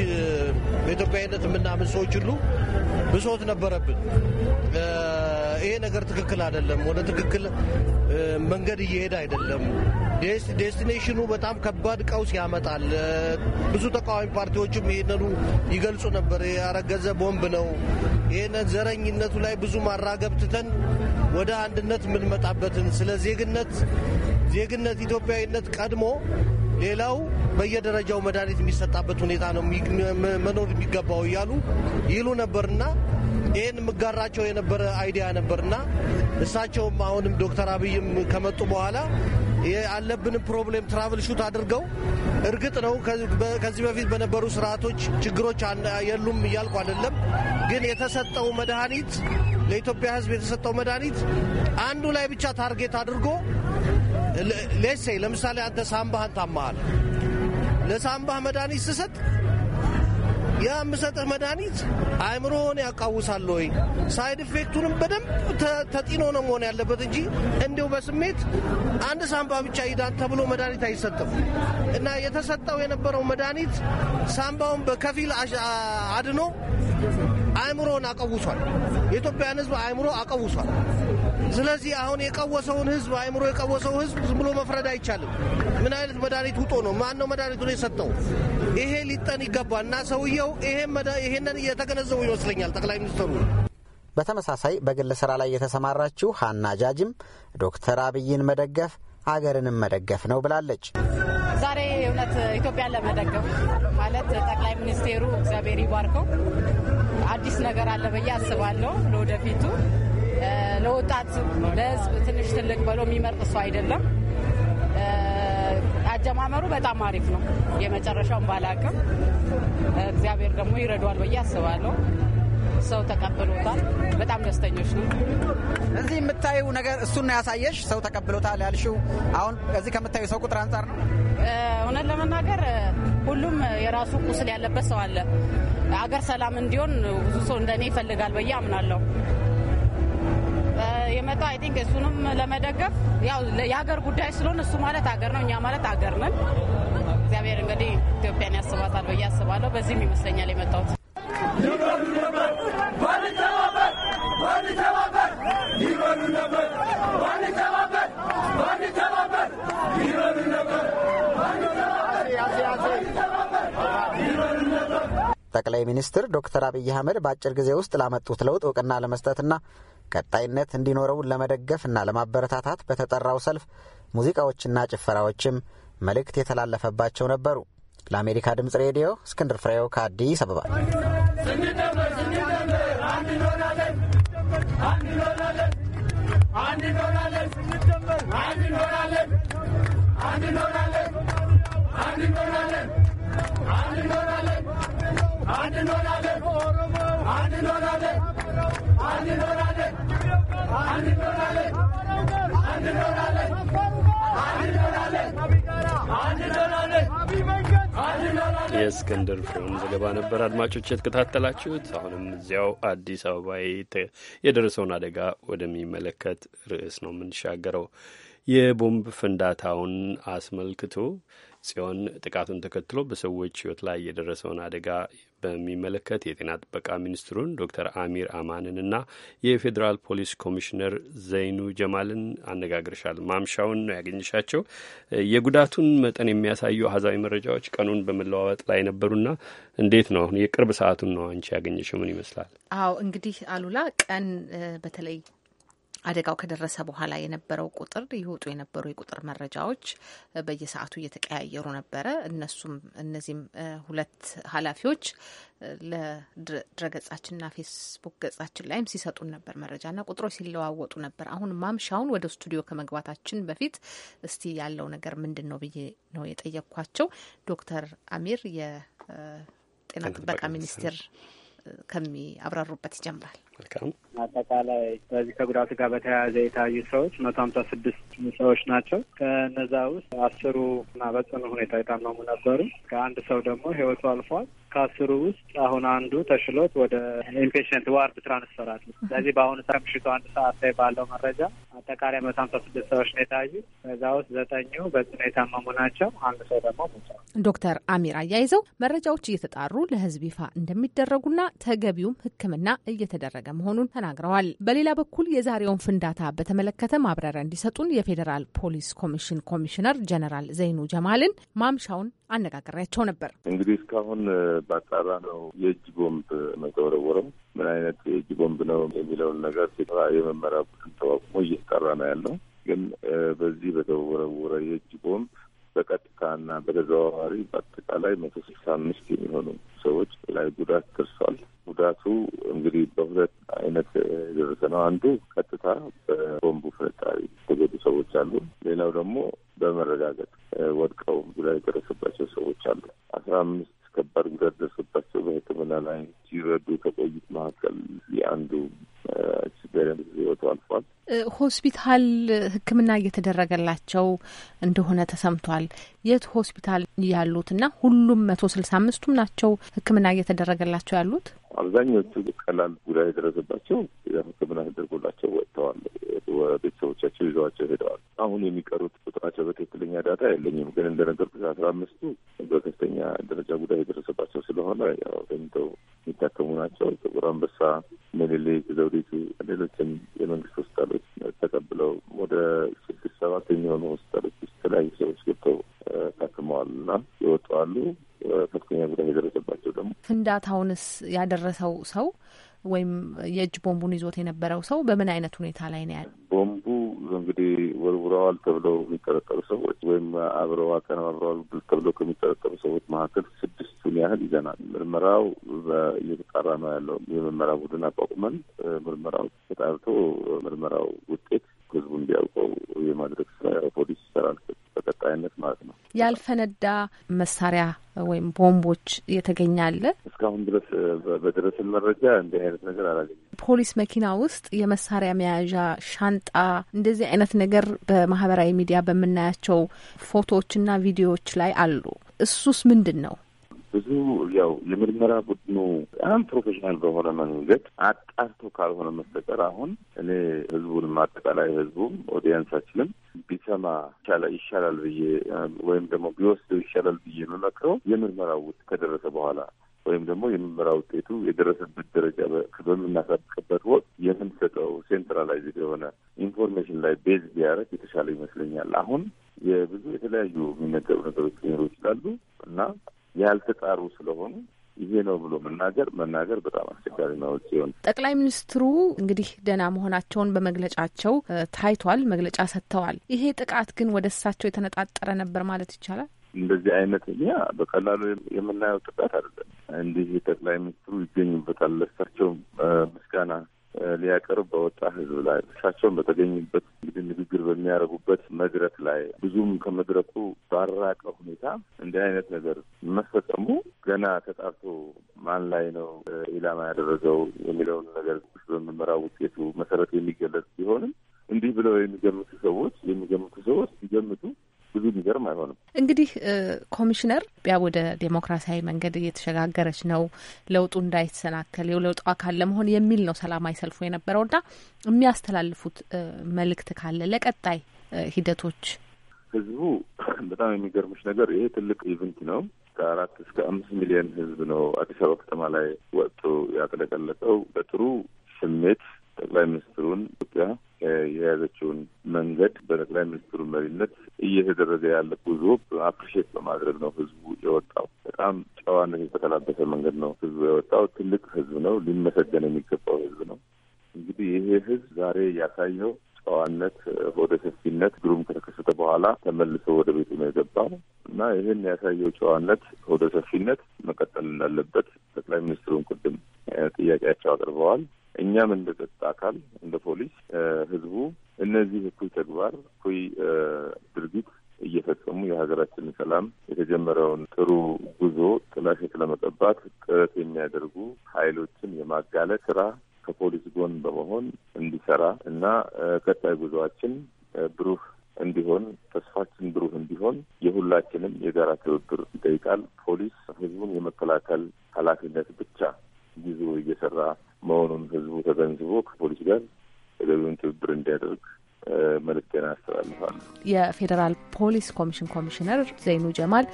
በኢትዮጵያዊነት የምናምን ሰዎች ሁሉ ብሶት ነበረብን። ይሄ ነገር ትክክል አይደለም፣ ወደ ትክክል መንገድ እየሄደ አይደለም። ዴስቲኔሽኑ በጣም ከባድ ቀውስ ያመጣል። ብዙ ተቃዋሚ ፓርቲዎችም ይህንኑ ይገልጹ ነበር። ያረገዘ ቦምብ ነው። ይህንን ዘረኝነቱ ላይ ብዙ ማራገብ ትተን ወደ አንድነት የምንመጣበትን ስለ ዜግነት ዜግነት ኢትዮጵያዊነት ቀድሞ ሌላው በየደረጃው መድኃኒት የሚሰጣበት ሁኔታ ነው መኖር የሚገባው እያሉ ይሉ ነበርና ይህን የምጋራቸው የነበረ አይዲያ ነበርና እሳቸውም አሁንም ዶክተር አብይም ከመጡ በኋላ ያለብን ፕሮብሌም ትራቭል ሹት አድርገው እርግጥ ነው ከዚህ በፊት በነበሩ ስርዓቶች ችግሮች የሉም እያልኩ አይደለም። ግን የተሰጠው መድኃኒት ለኢትዮጵያ ሕዝብ የተሰጠው መድኃኒት አንዱ ላይ ብቻ ታርጌት አድርጎ ሌሴ ለምሳሌ አንተ ሳምባህን ታመሃል። ለሳምባህ መድኃኒት ስሰጥ የምሰጥህ መድኃኒት አእምሮን ያቃውሳል ወይ? ሳይድ ኢፌክቱንም በደንብ ተጢኖ ነው መሆን ያለበት እንጂ እንዲሁ በስሜት አንድ ሳምባ ብቻ ይዳን ተብሎ መድኃኒት አይሰጥም እና የተሰጠው የነበረው መድኃኒት ሳምባውን በከፊል አድኖ አእምሮን አቀውሷል። የኢትዮጵያን ሕዝብ አእምሮ አቀውሷል። ስለዚህ አሁን የቀወሰውን ህዝብ አይምሮ የቀወሰውን ህዝብ ዝም ብሎ መፍረድ አይቻልም። ምን አይነት መድኃኒት ውጦ ነው? ማን ነው መድኃኒቱን የሰጠው? ይሄ ሊጠን ይገባ እና ሰውየው ይሄንን እየተገነዘቡ ይመስለኛል ጠቅላይ ሚኒስትሩ። በተመሳሳይ በግል ስራ ላይ የተሰማራችው ሀና ጃጅም ዶክተር አብይን መደገፍ አገርንም መደገፍ ነው ብላለች። ዛሬ እውነት ኢትዮጵያን ለመደገፍ ማለት ጠቅላይ ሚኒስቴሩ እግዚአብሔር ይባርከው አዲስ ነገር አለ ብዬ አስባለሁ ለወደፊቱ ለወጣት ለህዝብ ትንሽ ትልቅ ብሎ የሚመርጥ ሰው አይደለም። አጀማመሩ በጣም አሪፍ ነው። የመጨረሻውን ባላቅም እግዚአብሔር ደግሞ ይረዷል ብዬ አስባለሁ። ሰው ተቀብሎታል። በጣም ደስተኞች ነው። እዚህ የምታዩ ነገር እሱን ያሳየሽ። ሰው ተቀብሎታል ያልሽው አሁን እዚህ ከምታዩ ሰው ቁጥር አንጻር ነው። እውነት ለመናገር ሁሉም የራሱ ቁስል ያለበት ሰው አለ። አገር ሰላም እንዲሆን ብዙ ሰው እንደኔ ይፈልጋል ብዬ አምናለሁ። የመጣው አይ ቲንክ እሱንም ለመደገፍ ያው የሀገር ጉዳይ ስለሆነ እሱ ማለት ሀገር ነው፣ እኛ ማለት ሀገር ነን። እግዚአብሔር እንግዲህ ኢትዮጵያን ያስባታል ብዬ አስባለሁ። በዚህም ይመስለኛል የመጣሁት። ጠቅላይ ሚኒስትር ዶክተር አብይ አህመድ በአጭር ጊዜ ውስጥ ላመጡት ለውጥ እውቅና ለመስጠትና ቀጣይነት እንዲኖረው ለመደገፍና ለማበረታታት በተጠራው ሰልፍ ሙዚቃዎችና ጭፈራዎችም መልእክት የተላለፈባቸው ነበሩ። ለአሜሪካ ድምፅ ሬዲዮ እስክንድር ፍሬው ከአዲስ አበባ። አንድ የእስክንድር ፍሬውን ዘገባ ነበር አድማጮች የተከታተላችሁት። አሁንም እዚያው አዲስ አበባ የደረሰውን አደጋ ወደሚመለከት ርዕስ ነው የምንሻገረው። የቦምብ ፍንዳታውን አስመልክቶ ጽዮን ጥቃቱን ተከትሎ በሰዎች ሕይወት ላይ የደረሰውን አደጋ በሚመለከት የጤና ጥበቃ ሚኒስትሩን ዶክተር አሚር አማንን እና የፌዴራል ፖሊስ ኮሚሽነር ዘይኑ ጀማልን አነጋግርሻል። ማምሻውን ነው ያገኘሻቸው። የጉዳቱን መጠን የሚያሳዩ አሃዛዊ መረጃዎች ቀኑን በመለዋወጥ ላይ ነበሩና እንዴት ነው አሁን የቅርብ ሰዓቱን ነው አንቺ ያገኘሽው? ምን ይመስላል? አዎ እንግዲህ አሉላ ቀን በተለይ አደጋው ከደረሰ በኋላ የነበረው ቁጥር ይወጡ የነበሩ የቁጥር መረጃዎች በየሰዓቱ እየተቀያየሩ ነበረ። እነሱም እነዚህም ሁለት ኃላፊዎች ለድረገጻችንና ፌስቡክ ገጻችን ላይም ሲሰጡን ነበር መረጃና ቁጥሮች ሲለዋወጡ ነበር። አሁን ማምሻውን ወደ ስቱዲዮ ከመግባታችን በፊት እስቲ ያለው ነገር ምንድን ነው ብዬ ነው የጠየኳቸው። ዶክተር አሚር የጤና ጥበቃ ሚኒስቴር ከሚያብራሩበት ይጀምራል። አጠቃላይ በዚህ ከጉዳቱ ጋር በተያያዘ የታዩ ሰዎች መቶ ሀምሳ ስድስት ሰዎች ናቸው። ከነዛ ውስጥ አስሩ እና በጽኑ ሁኔታ የታመሙ ነበሩ። ከአንድ ሰው ደግሞ ህይወቱ አልፏል። ከአስሩ ውስጥ አሁን አንዱ ተሽሎት ወደ ኢምፔሽንት ዋርድ ትራንስፈር አለ። ስለዚህ በአሁኑ ሰዓት ምሽቱ አንድ ሰዓት ላይ ባለው መረጃ አጠቃላይ መቶ ሀምሳ ስድስት ሰዎች ነው የታዩ። ከዛ ውስጥ ዘጠኙ በጽኑ የታመሙ ናቸው። አንድ ሰው ደግሞ ሙቷል። ዶክተር አሚር አያይዘው መረጃዎች እየተጣሩ ለህዝብ ይፋ እንደሚደረጉና ተገቢውም ህክምና እየተደረገ መሆኑን ተናግረዋል። ተናግረዋል። በሌላ በኩል የዛሬውን ፍንዳታ በተመለከተ ማብራሪያ እንዲሰጡን የፌዴራል ፖሊስ ኮሚሽን ኮሚሽነር ጀነራል ዘይኑ ጀማልን ማምሻውን አነጋግሬያቸው ነበር። እንግዲህ እስካሁን ባጣራ ነው የእጅ ቦምብ ነው የተወረወረው። ምን አይነት የእጅ ቦምብ ነው የሚለውን ነገር የመመሪያ ቡድን ተዋቅሞ እየተጠራ ነው ያለው። ግን በዚህ በተወረወረ የእጅ ቦምብ በቀጥታና በተዘዋዋሪ በአጠቃላይ መቶ ስልሳ አምስት የሚሆኑ ሰዎች ላይ ጉዳት ደርሷል። ጉዳቱ እንግዲህ በሁለት አይነት የደረሰ ነው። አንዱ ቀጥታ በቦምቡ ፍንጣሪ የተጎዱ ሰዎች አሉ። ሌላው ደግሞ በመረጋገጥ ወድቀው ጉዳት የደረሰባቸው ሰዎች አሉ። አስራ አምስት ከባድ ጉዳት ደርሶባቸው በሕክምና ላይ ሲረዱ ከቆዩት መካከል የአንዱ ህይወቱ አልፏል። ሆስፒታል ሕክምና እየተደረገላቸው እንደሆነ ተሰምቷል። የት ሆስፒታል ያሉት እና ሁሉም መቶ ስልሳ አምስቱም ናቸው ሕክምና እየተደረገላቸው ያሉት? አብዛኞቹ ቀላል ጉዳይ የደረሰባቸው ሕክምና ተደርጎላቸው ወጥተዋል። ቤተሰቦቻቸው ይዘዋቸው ሄደዋል። አሁን የሚቀሩት ቁጥራቸው በትክክለኛ ዳታ የለኝም፣ ግን እንደነገርኩት አስራ አምስቱ በከፍተኛ ደረጃ ጉዳይ የደረሰባቸው ስለሆነ ያው የሚታከሙ ናቸው። ጥቁር አንበሳ፣ ምኒልክ፣ ዘውዲቱ፣ ሌሎችም የመንግስት ሆስፒታሎች ተቀብለው ወደ ስድስት ሰባት የሚሆኑ ሆስፒታሎች ውስጥ የተለያዩ ሰዎች ገብተው ታክመዋል እና የወጡ አሉ። ከፍተኛ ጉዳት የደረሰባቸው ደግሞ ፍንዳታውንስ ያደረሰው ሰው ወይም የእጅ ቦምቡን ይዞት የነበረው ሰው በምን አይነት ሁኔታ ላይ ነው ያለ? ቦምቡ እንግዲህ ወርውረዋል ተብለው የሚጠረጠሩ ሰዎች ወይም አብረው አቀነባብረዋል ተብለው ከሚጠረጠሩ ሰዎች መካከል ስድስቱን ያህል ይዘናል። ምርመራው እየተጣራ ነው ያለው። የምርመራ ቡድን አቋቁመን ምርመራው ተጣርቶ ምርመራው ውጤት ህዝቡ እንዲያውቀው የማድረግ ስራ ፖሊስ ይሰራል። በቀጣይነት ማለት ነው። ያልፈነዳ መሳሪያ ወይም ቦምቦች የተገኘ አለ? እስካሁን ድረስ በደረሰን መረጃ እንዲህ አይነት ነገር አላገኘም። ፖሊስ መኪና ውስጥ የመሳሪያ መያዣ ሻንጣ፣ እንደዚህ አይነት ነገር በማህበራዊ ሚዲያ በምናያቸው ፎቶዎችና ቪዲዮዎች ላይ አሉ። እሱስ ምንድን ነው? ብዙ ያው የምርመራ ቡድኑ በጣም ፕሮፌሽናል በሆነ መንገድ አጣርቶ ካልሆነ መስጠቀር አሁን እኔ ህዝቡንም አጠቃላይ ህዝቡም ኦዲየንሳችንም ቢሰማ ይሻላል ብዬ ወይም ደግሞ ቢወስደው ይሻላል ብዬ የምመክረው የምርመራ ውጥ ከደረሰ በኋላ ወይም ደግሞ የምርመራ ውጤቱ የደረሰበት ደረጃ በምናሳብቅበት ወቅት የምንሰጠው ሴንትራላይዝ የሆነ ኢንፎርሜሽን ላይ ቤዝ ቢያደርግ የተሻለ ይመስለኛል። አሁን የብዙ የተለያዩ የሚነገሩ ነገሮች ሊኖሩ ይችላሉ እና ያልተጣሩ ስለሆኑ ይሄ ነው ብሎ መናገር መናገር በጣም አስቸጋሪ ነው ሲሆን ጠቅላይ ሚኒስትሩ እንግዲህ ደህና መሆናቸውን በመግለጫቸው ታይቷል፣ መግለጫ ሰጥተዋል። ይሄ ጥቃት ግን ወደ እሳቸው የተነጣጠረ ነበር ማለት ይቻላል። እንደዚህ አይነት እኛ በቀላሉ የምናየው ጥቃት አይደለም። እንዲህ ጠቅላይ ሚኒስትሩ ይገኙበታል። ለእሳቸው ምስጋና ሊያቀርብ በወጣ ህዝብ ላይ እሳቸውን በተገኙበት እንግዲህ ንግግር በሚያደርጉበት መድረክ ላይ ብዙም ከመድረኩ ባራቀ ሁኔታ እንዲህ አይነት ነገር መፈጸሙ ገና ተጣርቶ ማን ላይ ነው ኢላማ ያደረገው የሚለውን ነገር በምርመራው ውጤቱ መሰረት የሚገለጽ ቢሆንም እንዲህ ብለው የሚገምቱ ሰዎች የሚገምቱ ሰዎች ሲገምቱ ብዙ የሚገርም አይሆንም። እንግዲህ ኮሚሽነር ኢትዮጵያ ወደ ዴሞክራሲያዊ መንገድ እየተሸጋገረች ነው፣ ለውጡ እንዳይሰናከል የለውጡ አካል ለመሆን የሚል ነው ሰላማዊ ሰልፉ እና የሚያስተላልፉት መልእክት ካለ ለቀጣይ ሂደቶች ህዝቡ በጣም የሚገርምሽ ነገር ይሄ ትልቅ ኢቨንት ነው። ከአራት እስከ አምስት ሚሊዮን ህዝብ ነው አዲስ አበባ ከተማ ላይ ወጥቶ ያጥለቀለቀው በጥሩ ስሜት ጠቅላይ ሚኒስትሩን ኢትዮጵያ የያዘችውን መንገድ በጠቅላይ ሚኒስትሩ መሪነት እየተደረገ ያለ ጉዞ አፕሪሼት በማድረግ ነው ህዝቡ የወጣው። በጣም ጨዋነት የተቀላበሰ መንገድ ነው ህዝቡ የወጣው። ትልቅ ህዝብ ነው፣ ሊመሰገን የሚገባው ህዝብ ነው። እንግዲህ ይሄ ህዝብ ዛሬ ያሳየው ጨዋነት፣ ወደ ሰፊነት ግሩም ከተከሰተ በኋላ ተመልሶ ወደ ቤቱ ነው የገባው እና ይህን ያሳየው ጨዋነት፣ ወደ ሰፊነት መቀጠል እንዳለበት ጠቅላይ ሚኒስትሩን ቅድም ጥያቄያቸው አቅርበዋል። እኛም እንደ ጸጥታ አካል እንደ ፖሊስ ህዝቡ እነዚህ እኩይ ተግባር እኩይ ድርጊት እየፈጸሙ የሀገራችንን ሰላም የተጀመረውን ጥሩ ጉዞ ጥላሸት ለመቀባት ጥረት የሚያደርጉ ኃይሎችን የማጋለጥ ስራ ከፖሊስ ጎን በመሆን እንዲሰራ እና ቀጣይ ጉዞአችን ብሩህ እንዲሆን ተስፋችን ብሩህ እንዲሆን የሁላችንም የጋራ ትብብር ይጠይቃል። ፖሊስ ህዝቡን የመከላከል ኃላፊነት ብቻ ይዞ እየሰራ መሆኑን ህዝቡ ተገንዝቦ ከፖሊስ ጋር ተገቢውን ትብብር እንዲያደርግ መልእክቴን አስተላልፋለሁ። የፌዴራል ፖሊስ ኮሚሽን ኮሚሽነር ዘይኑ ጀማል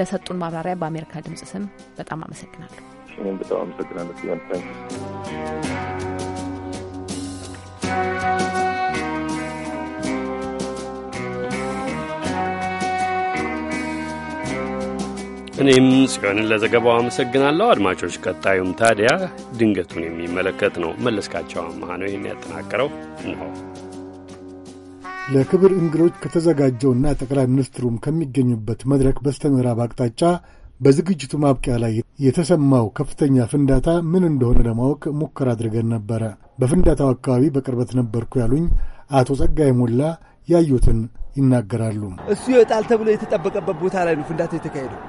ለሰጡን ማብራሪያ በአሜሪካ ድምጽ ስም በጣም አመሰግናለሁ። እኔም በጣም አመሰግናለሁ። እኔም ጽዮንን ለዘገባው አመሰግናለሁ። አድማጮች፣ ቀጣዩም ታዲያ ድንገቱን የሚመለከት ነው። መለስካቸው አመሃ ነው ይህን ያጠናቀረው ነው። ለክብር እንግዶች ከተዘጋጀውና ጠቅላይ ሚኒስትሩም ከሚገኙበት መድረክ በስተምዕራብ አቅጣጫ በዝግጅቱ ማብቂያ ላይ የተሰማው ከፍተኛ ፍንዳታ ምን እንደሆነ ለማወቅ ሙከራ አድርገን ነበረ። በፍንዳታው አካባቢ በቅርበት ነበርኩ ያሉኝ አቶ ጸጋይ ሞላ ያዩትን ይናገራሉ። እሱ ይወጣል ተብሎ የተጠበቀበት ቦታ ላይ ነው ፍንዳታ የተካሄደው።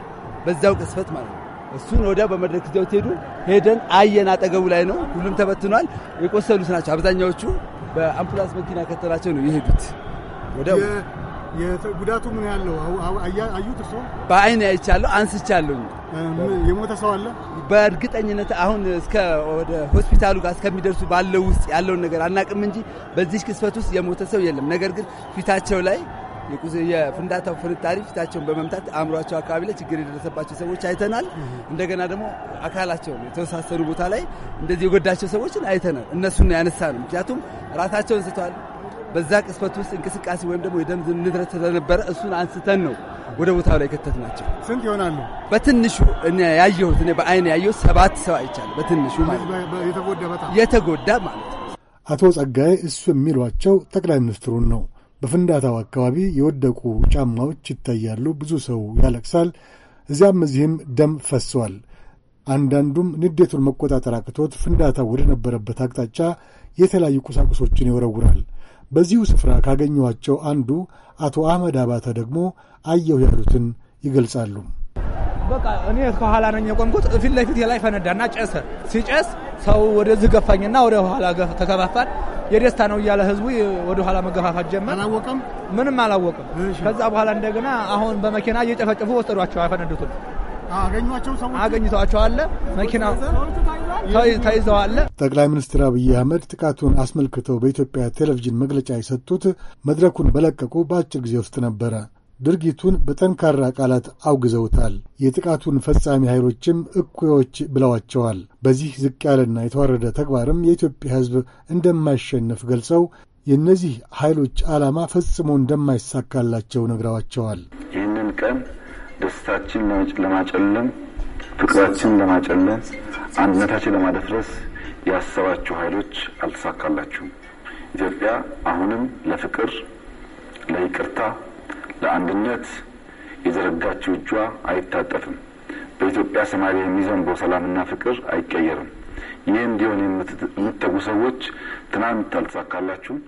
በዛው ቅስፈት ማለት ነው። እሱን ወዲያ በመድረክ ይዘውት ሄዱ። ሄደን አየን። አጠገቡ ላይ ነው፣ ሁሉም ተበትኗል። የቆሰሉት ናቸው አብዛኛዎቹ። በአምቡላንስ መኪና ከተላቸው ነው የሄዱት። ጉዳቱ ምን ያለው አዩት? እሱ በአይን አይቻለሁ፣ አንስቻለሁ። የሞተ ሰው አለ? በእርግጠኝነት አሁን እስከ ወደ ሆስፒታሉ ጋር እስከሚደርሱ ባለው ውስጥ ያለውን ነገር አናቅም እንጂ በዚህ ክስፈት ውስጥ የሞተ ሰው የለም። ነገር ግን ፊታቸው ላይ የፍንዳታው ፍንጣሪ ፊታቸውን በመምታት አእምሯቸው አካባቢ ላይ ችግር የደረሰባቸው ሰዎች አይተናል። እንደገና ደግሞ አካላቸውን የተወሳሰኑ ቦታ ላይ እንደዚህ የጎዳቸው ሰዎችን አይተናል። እነሱን ያነሳ ነው። ምክንያቱም ራሳቸውን ስተዋል። በዛ ቅስፈት ውስጥ እንቅስቃሴ ወይም ደግሞ የደም ንድረት ስለነበረ እሱን አንስተን ነው ወደ ቦታው ላይ ከተት ናቸው። ስንት ይሆናሉ? በትንሹ ያየሁት በአይን ያየሁት ሰባት ሰው አይቻለ። በትንሹ የተጎዳ ማለት ነው። አቶ ጸጋዬ እሱ የሚሏቸው ጠቅላይ ሚኒስትሩን ነው። በፍንዳታው አካባቢ የወደቁ ጫማዎች ይታያሉ። ብዙ ሰው ያለቅሳል። እዚያም እዚህም ደም ፈሰዋል። አንዳንዱም ንዴቱን መቆጣጠር አቅቶት ፍንዳታው ወደ ነበረበት አቅጣጫ የተለያዩ ቁሳቁሶችን ይወረውራል። በዚሁ ስፍራ ካገኘኋቸው አንዱ አቶ አህመድ አባተ ደግሞ አየሁ ያሉትን ይገልጻሉ። በቃ እኔ ከኋላ ነኝ የቆምኩት። ፊት ለፊት የላይ ፈነዳና ጨሰ። ሲጨስ ሰው ወደዚህ ገፋኝና ወደ ኋላ ተከፋፋል። የደስታ ነው እያለ ህዝቡ ወደ ኋላ መገፋፋት ጀመር። አላወቀም፣ ምንም አላወቅም። ከዛ በኋላ እንደገና አሁን በመኪና እየጨፈጨፉ ወሰዷቸው። አይፈነዱትም። አገኝተዋቸዋለ። መኪና ተይዘዋለ። ጠቅላይ ሚኒስትር አብይ አህመድ ጥቃቱን አስመልክተው በኢትዮጵያ ቴሌቪዥን መግለጫ የሰጡት መድረኩን በለቀቁ በአጭር ጊዜ ውስጥ ነበረ። ድርጊቱን በጠንካራ ቃላት አውግዘውታል። የጥቃቱን ፈጻሚ ኃይሎችም እኩዮች ብለዋቸዋል። በዚህ ዝቅ ያለና የተዋረደ ተግባርም የኢትዮጵያ ሕዝብ እንደማይሸነፍ ገልጸው የእነዚህ ኃይሎች ዓላማ ፈጽሞ እንደማይሳካላቸው ነግረዋቸዋል። ይህንን ቀን ደስታችን ለማጨለም፣ ፍቅራችን ለማጨለም፣ አንድነታችን ለማደፍረስ ያሰባችሁ ኃይሎች አልተሳካላችሁም። ኢትዮጵያ አሁንም ለፍቅር ለይቅርታ ለአንድነት የዘረጋችው እጇ አይታጠፍም። በኢትዮጵያ ሰማይ የሚዘን የሚዘንበው ሰላምና ፍቅር አይቀየርም። ይህ እንዲሆን የምትተጉ ሰዎች ትናንት አልተሳካላችሁም፣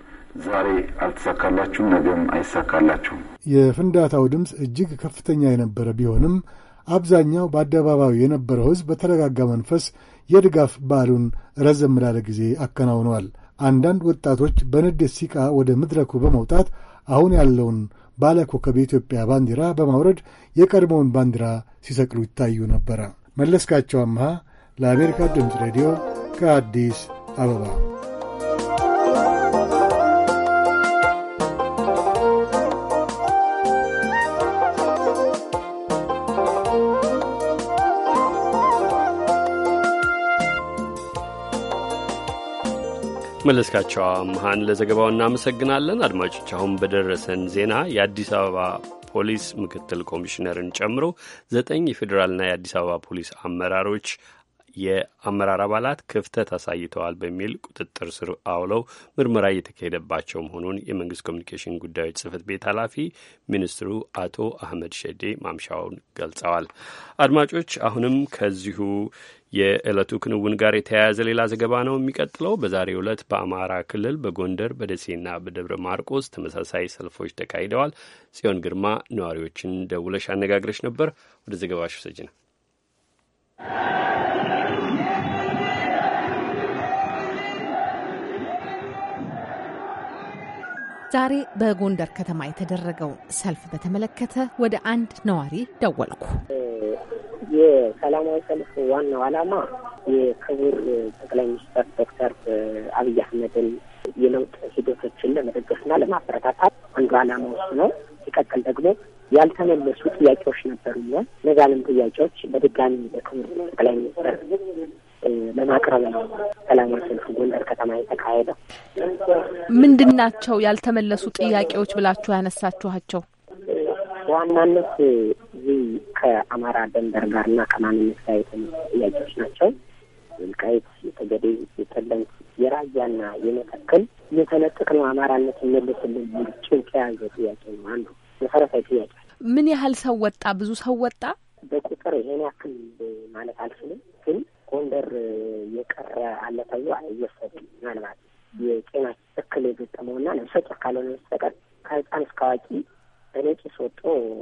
ዛሬ አልተሳካላችሁም፣ ነገም አይሳካላችሁም። የፍንዳታው ድምፅ እጅግ ከፍተኛ የነበረ ቢሆንም አብዛኛው በአደባባዩ የነበረው ሕዝብ በተረጋጋ መንፈስ የድጋፍ በዓሉን ረዘም ላለ ጊዜ አከናውነዋል። አንዳንድ ወጣቶች በንዴት ሲቃ ወደ መድረኩ በመውጣት አሁን ያለውን ባለኮከብ የኢትዮጵያ ባንዲራ በማውረድ የቀድሞውን ባንዲራ ሲሰቅሉ ይታዩ ነበረ። መለስካቸው አምሃ ለአሜሪካ ድምፅ ሬዲዮ ከአዲስ አበባ መለስካቸው አምሃን ለዘገባው እናመሰግናለን። አድማጮች፣ አሁን በደረሰን ዜና የአዲስ አበባ ፖሊስ ምክትል ኮሚሽነርን ጨምሮ ዘጠኝ የፌዴራልና የአዲስ አበባ ፖሊስ አመራሮች የአመራር አባላት ክፍተት አሳይተዋል በሚል ቁጥጥር ስር አውለው ምርመራ እየተካሄደባቸው መሆኑን የመንግስት ኮሚኒኬሽን ጉዳዮች ጽህፈት ቤት ኃላፊ ሚኒስትሩ አቶ አህመድ ሸዴ ማምሻውን ገልጸዋል። አድማጮች አሁንም ከዚሁ የዕለቱ ክንውን ጋር የተያያዘ ሌላ ዘገባ ነው የሚቀጥለው። በዛሬው ዕለት በአማራ ክልል በጎንደር በደሴና በደብረ ማርቆስ ተመሳሳይ ሰልፎች ተካሂደዋል። ጽዮን ግርማ ነዋሪዎችን ደውለሽ አነጋግረሽ ነበር። ወደ ዘገባሽ ውሰጅ ነው ዛሬ በጎንደር ከተማ የተደረገው ሰልፍ በተመለከተ ወደ አንድ ነዋሪ ደወልኩ። የሰላማዊ ሰልፍ ዋናው ዓላማ የክቡር ጠቅላይ ሚኒስትር ዶክተር አብይ አህመድን የለውጥ ሂደቶችን ለመደገፍና ለማበረታታት አንዱ ዓላማ ውስጥ ነው። ሲቀጥል ደግሞ ያልተመለሱ ጥያቄዎች ነበሩና እነዛንም ጥያቄዎች በድጋሚ በክቡር ጠቅላይ ሚኒስትር ለማቅረብ ነው ሰላማዊ ሰልፍ ጎንደር ከተማ የተካሄደው። ምንድን ናቸው ያልተመለሱ ጥያቄዎች ብላችሁ ያነሳችኋቸው? በዋናነት እዚህ ከአማራ ደንበር ጋርና ከማንነት ጋር የተነሱ ጥያቄዎች ናቸው። ወልቃይት፣ የተገዴ፣ የጠለምት፣ የራያና የመተከል ነው አማራነት ይመለስልን ጭንቅ የያዘ ጥያቄ ነው። አንዱ መሰረታዊ ጥያቄ። ምን ያህል ሰው ወጣ? ብዙ ሰው ወጣ። በቁጥር ይሄን ያክል ማለት አልችልም። ጎንደር የቀረ አለ ተብሎ አይወሰድም። ምናልባት የጤና እክል የገጠመውና ነፍሰ ጡር ካልሆነ በስተቀር ከህፃን እስከ አዋቂ እኔ ጭስ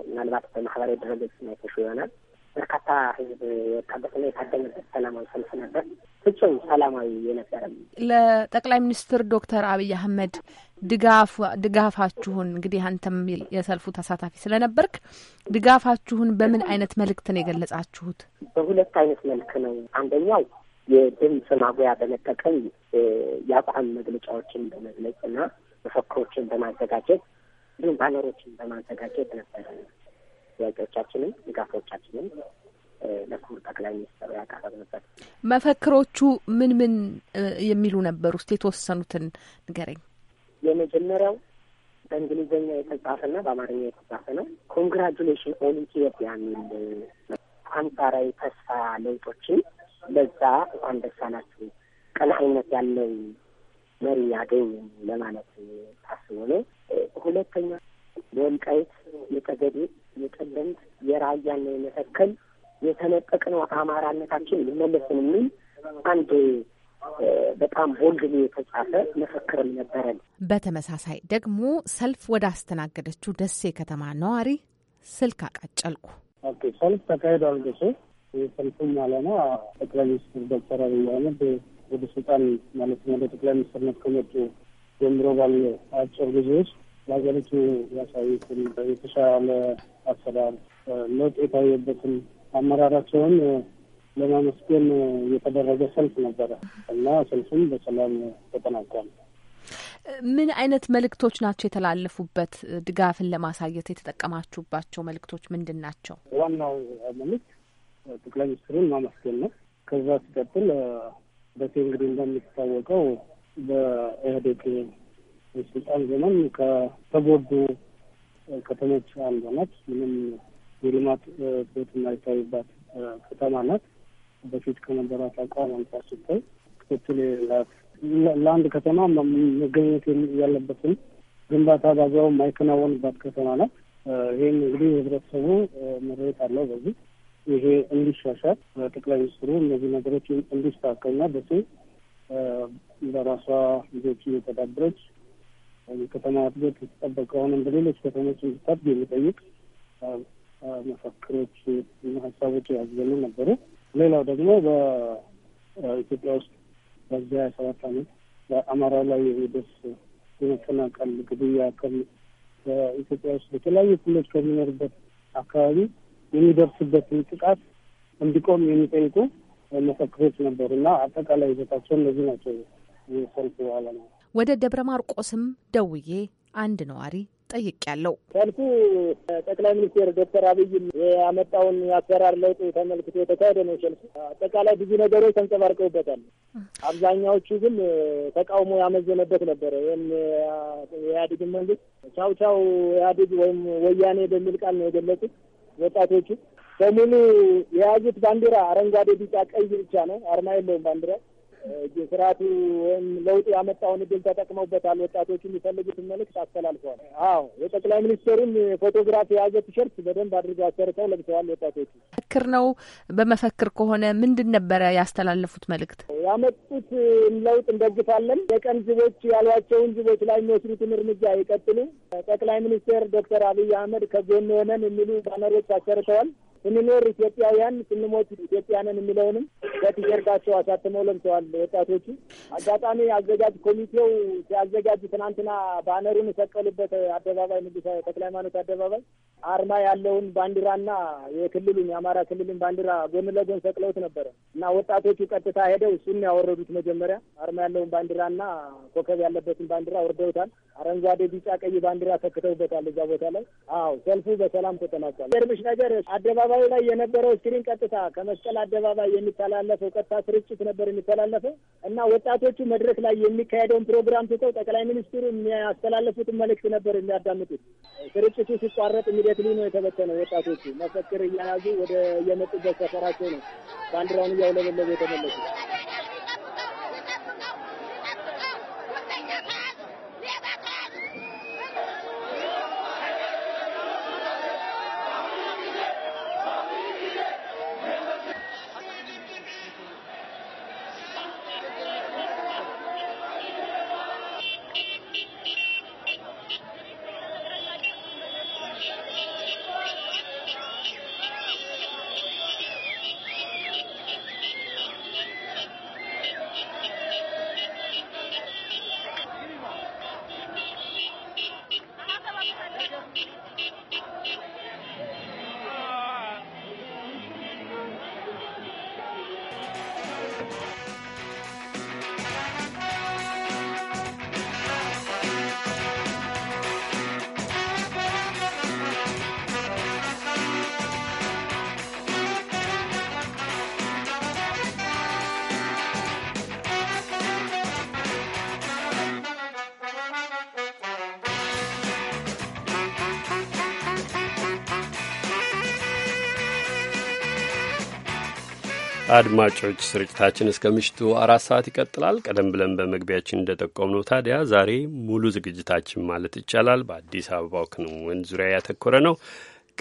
ምናልባት በማህበራዊ ድረገጽ ማይተሹ ይሆናል በርካታ ህዝብ የወጣበት እና የታደመበት ሰላማዊ ሰልፍ ነበር። ፍጹም ሰላማዊ የነበረ ለጠቅላይ ሚኒስትር ዶክተር አብይ አህመድ ድጋፍ ድጋፋችሁን እንግዲህ አንተም የሰልፉ ተሳታፊ ስለነበርክ ድጋፋችሁን በምን አይነት መልእክት ነው የገለጻችሁት? በሁለት አይነት መልክ ነው። አንደኛው የድምፅ ማጉያ በመጠቀም የአቋም መግለጫዎችን በመግለጽ እና መፈክሮችን በማዘጋጀት እንዲሁም ባነሮችን በማዘጋጀት ነበረ ጥያቄዎቻችንም ድጋፎቻችንም ለክቡር ጠቅላይ ሚኒስትር ያቀረብንበት መፈክሮቹ ምን ምን የሚሉ ነበር? ውስጥ የተወሰኑትን ንገረኝ። የመጀመሪያው በእንግሊዝኛ የተጻፈና በአማርኛ የተጻፈ ነው። ኮንግራጁሌሽን ኦን ኢትዮጵያ የሚል አንጻራዊ ተስፋ ለውጦችን ለዛ እንኳን ደስ አላችሁ ቀናኢነት ያለው መሪ ያገኝ ለማለት ታስቦ ነው። ሁለተኛ የወልቃይት የጠገዴ የጠለምት የራያን የመተከል የተነጠቅነው አማራነታችን ይመለስን የሚል አንድ በጣም ቦልድ የተጻፈ መፈክርም ነበረን። በተመሳሳይ ደግሞ ሰልፍ ወደ አስተናገደችው ደሴ ከተማ ነዋሪ ስልክ አቃጨልኩ። ሰልፍ ተካሂዷል። ደሴ ሰልፉም አለና ጠቅላይ ሚኒስትር ዶክተር አብይ አህመድ ወደ ስልጣን ማለት ወደ ጠቅላይ ሚኒስትርነት ከመጡ ጀምሮ ባለ አጭር ጊዜ ውስጥ ለሀገሪቱ ያሳዩትን የተሻለ አሰራር ለውጥ የታየበትን አመራራቸውን ለማመስገን የተደረገ ሰልፍ ነበረ እና ሰልፉም በሰላም ተጠናቋል። ምን አይነት መልእክቶች ናቸው የተላለፉበት? ድጋፍን ለማሳየት የተጠቀማችሁባቸው መልእክቶች ምንድን ናቸው? ዋናው መልእክት ጠቅላይ ሚኒስትሩን ማመስገን ነው። ከዛ ሲቀጥል በሴ እንግዲህ እንደሚታወቀው በኢህአዴግ የስልጣን ዘመን ከተጎዱ ከተሞች አንዷ ናት። ምንም የልማት ቦት የማይታይባት ከተማ ናት። በፊት ከነበራት አቋም አንጻር ሲታይ ክትትል የላት ለአንድ ከተማ መገኘት ያለበትን ግንባታ በአግባቡ የማይከናወንባት ከተማ ናት። ይህም እንግዲህ ህብረተሰቡ መሬት አለው። በዚህ ይሄ እንዲሻሻል ጠቅላይ ሚኒስትሩ እነዚህ ነገሮች እንዲስተካከልና በሴ በራሷ ልጆች እየተዳደረች የከተማ እድገት የተጠበቀ ሆነ በሌሎች ከተሞች እንዲታድ የሚጠይቅ መፈክሮች፣ ሀሳቦች ያዘሉ ነበሩ። ሌላው ደግሞ በኢትዮጵያ ውስጥ በዚያ ሀያ ሰባት አመት በአማራ ላይ የሚደርስ የመፈናቀል ግድያ ከል በኢትዮጵያ ውስጥ በተለያዩ ክልሎች ከሚኖርበት አካባቢ የሚደርስበትን ጥቃት እንዲቆም የሚጠይቁ መፈክሮች ነበሩ እና አጠቃላይ ይዘታቸው እነዚህ ናቸው የሰልፍ ዓላማ ነው። ወደ ደብረ ማርቆስም ደውዬ አንድ ነዋሪ ጠይቅ ያለው ሰልፉ ጠቅላይ ሚኒስቴር ዶክተር አብይም ያመጣውን አሰራር ለውጥ ተመልክቶ የተካሄደ ነው። ሰልፉ አጠቃላይ ብዙ ነገሮች ተንጸባርቀውበታል። አብዛኛዎቹ ግን ተቃውሞ ያመዘነበት ነበረ። ይህም የኢህአዴግን መንግስት ቻው ቻው ኢህአዴግ ወይም ወያኔ በሚል ቃል ነው የገለጹት ወጣቶቹ በሙሉ የያዙት ባንዲራ አረንጓዴ፣ ቢጫ፣ ቀይ ብቻ ነው። አርማ የለውም ባንዲራ ስርዓቱ ወይም ለውጥ ያመጣውን እድል ተጠቅመውበታል። ወጣቶቹ የሚፈልጉትን መልእክት አስተላልፈዋል። አዎ የጠቅላይ ሚኒስትሩን ፎቶግራፍ የያዘ ቲሸርት በደንብ አድርገው አሰርተው ለብሰዋል። ወጣቶቹ መፈክር ነው። በመፈክር ከሆነ ምንድን ነበረ ያስተላለፉት መልእክት? ያመጡት ለውጥ እንደግፋለን፣ የቀን ዝቦች ያሏቸውን ዝቦች ላይ የሚወስዱትን እርምጃ ይቀጥሉ፣ ጠቅላይ ሚኒስትር ዶክተር አብይ አህመድ ከጎን ሆነን የሚሉ ባነሮች አሰርተዋል። ስንኖር ኢትዮጵያውያን ስንሞት ኢትዮጵያንን የሚለውንም በቲሸርታቸው አሳትመው ለምተዋል ወጣቶቹ። አጋጣሚ አዘጋጅ ኮሚቴው ሲያዘጋጅ ትናንትና ባነሩን የሰቀሉበት አደባባይ ንጉሥ ተክለ ሃይማኖት አደባባይ አርማ ያለውን ባንዲራና የክልሉን የአማራ ክልልን ባንዲራ ጎን ለጎን ሰቅለውት ነበረ እና ወጣቶቹ ቀጥታ ሄደው እሱን ያወረዱት መጀመሪያ አርማ ያለውን ባንዲራና ኮከብ ያለበትን ባንዲራ ወርደውታል። አረንጓዴ፣ ቢጫ፣ ቀይ ባንዲራ ተክተውበታል እዛ ቦታ ላይ። አዎ ሰልፉ በሰላም ተጠናቋል። ገርምሽ ነገር አደባባይ በአደባባዩ ላይ የነበረው ስክሪን ቀጥታ ከመስቀል አደባባይ የሚተላለፈው ቀጥታ ስርጭት ነበር የሚተላለፈው እና ወጣቶቹ መድረክ ላይ የሚካሄደውን ፕሮግራም ትተው ጠቅላይ ሚኒስትሩ የሚያስተላለፉትን መልእክት ነበር የሚያዳምጡት። ስርጭቱ ሲቋረጥ ኢሚዲየትሊ ነው የተበተነው። ወጣቶቹ መፈክር እያያዙ ወደ የመጡበት ሰፈራቸው ነው ባንዲራውን እያውለበለቡ የተመለሱ አድማጮች ስርጭታችን እስከ ምሽቱ አራት ሰዓት ይቀጥላል። ቀደም ብለን በመግቢያችን እንደጠቆምነው ታዲያ ዛሬ ሙሉ ዝግጅታችን ማለት ይቻላል በአዲስ አበባው ክንውን ዙሪያ ያተኮረ ነው።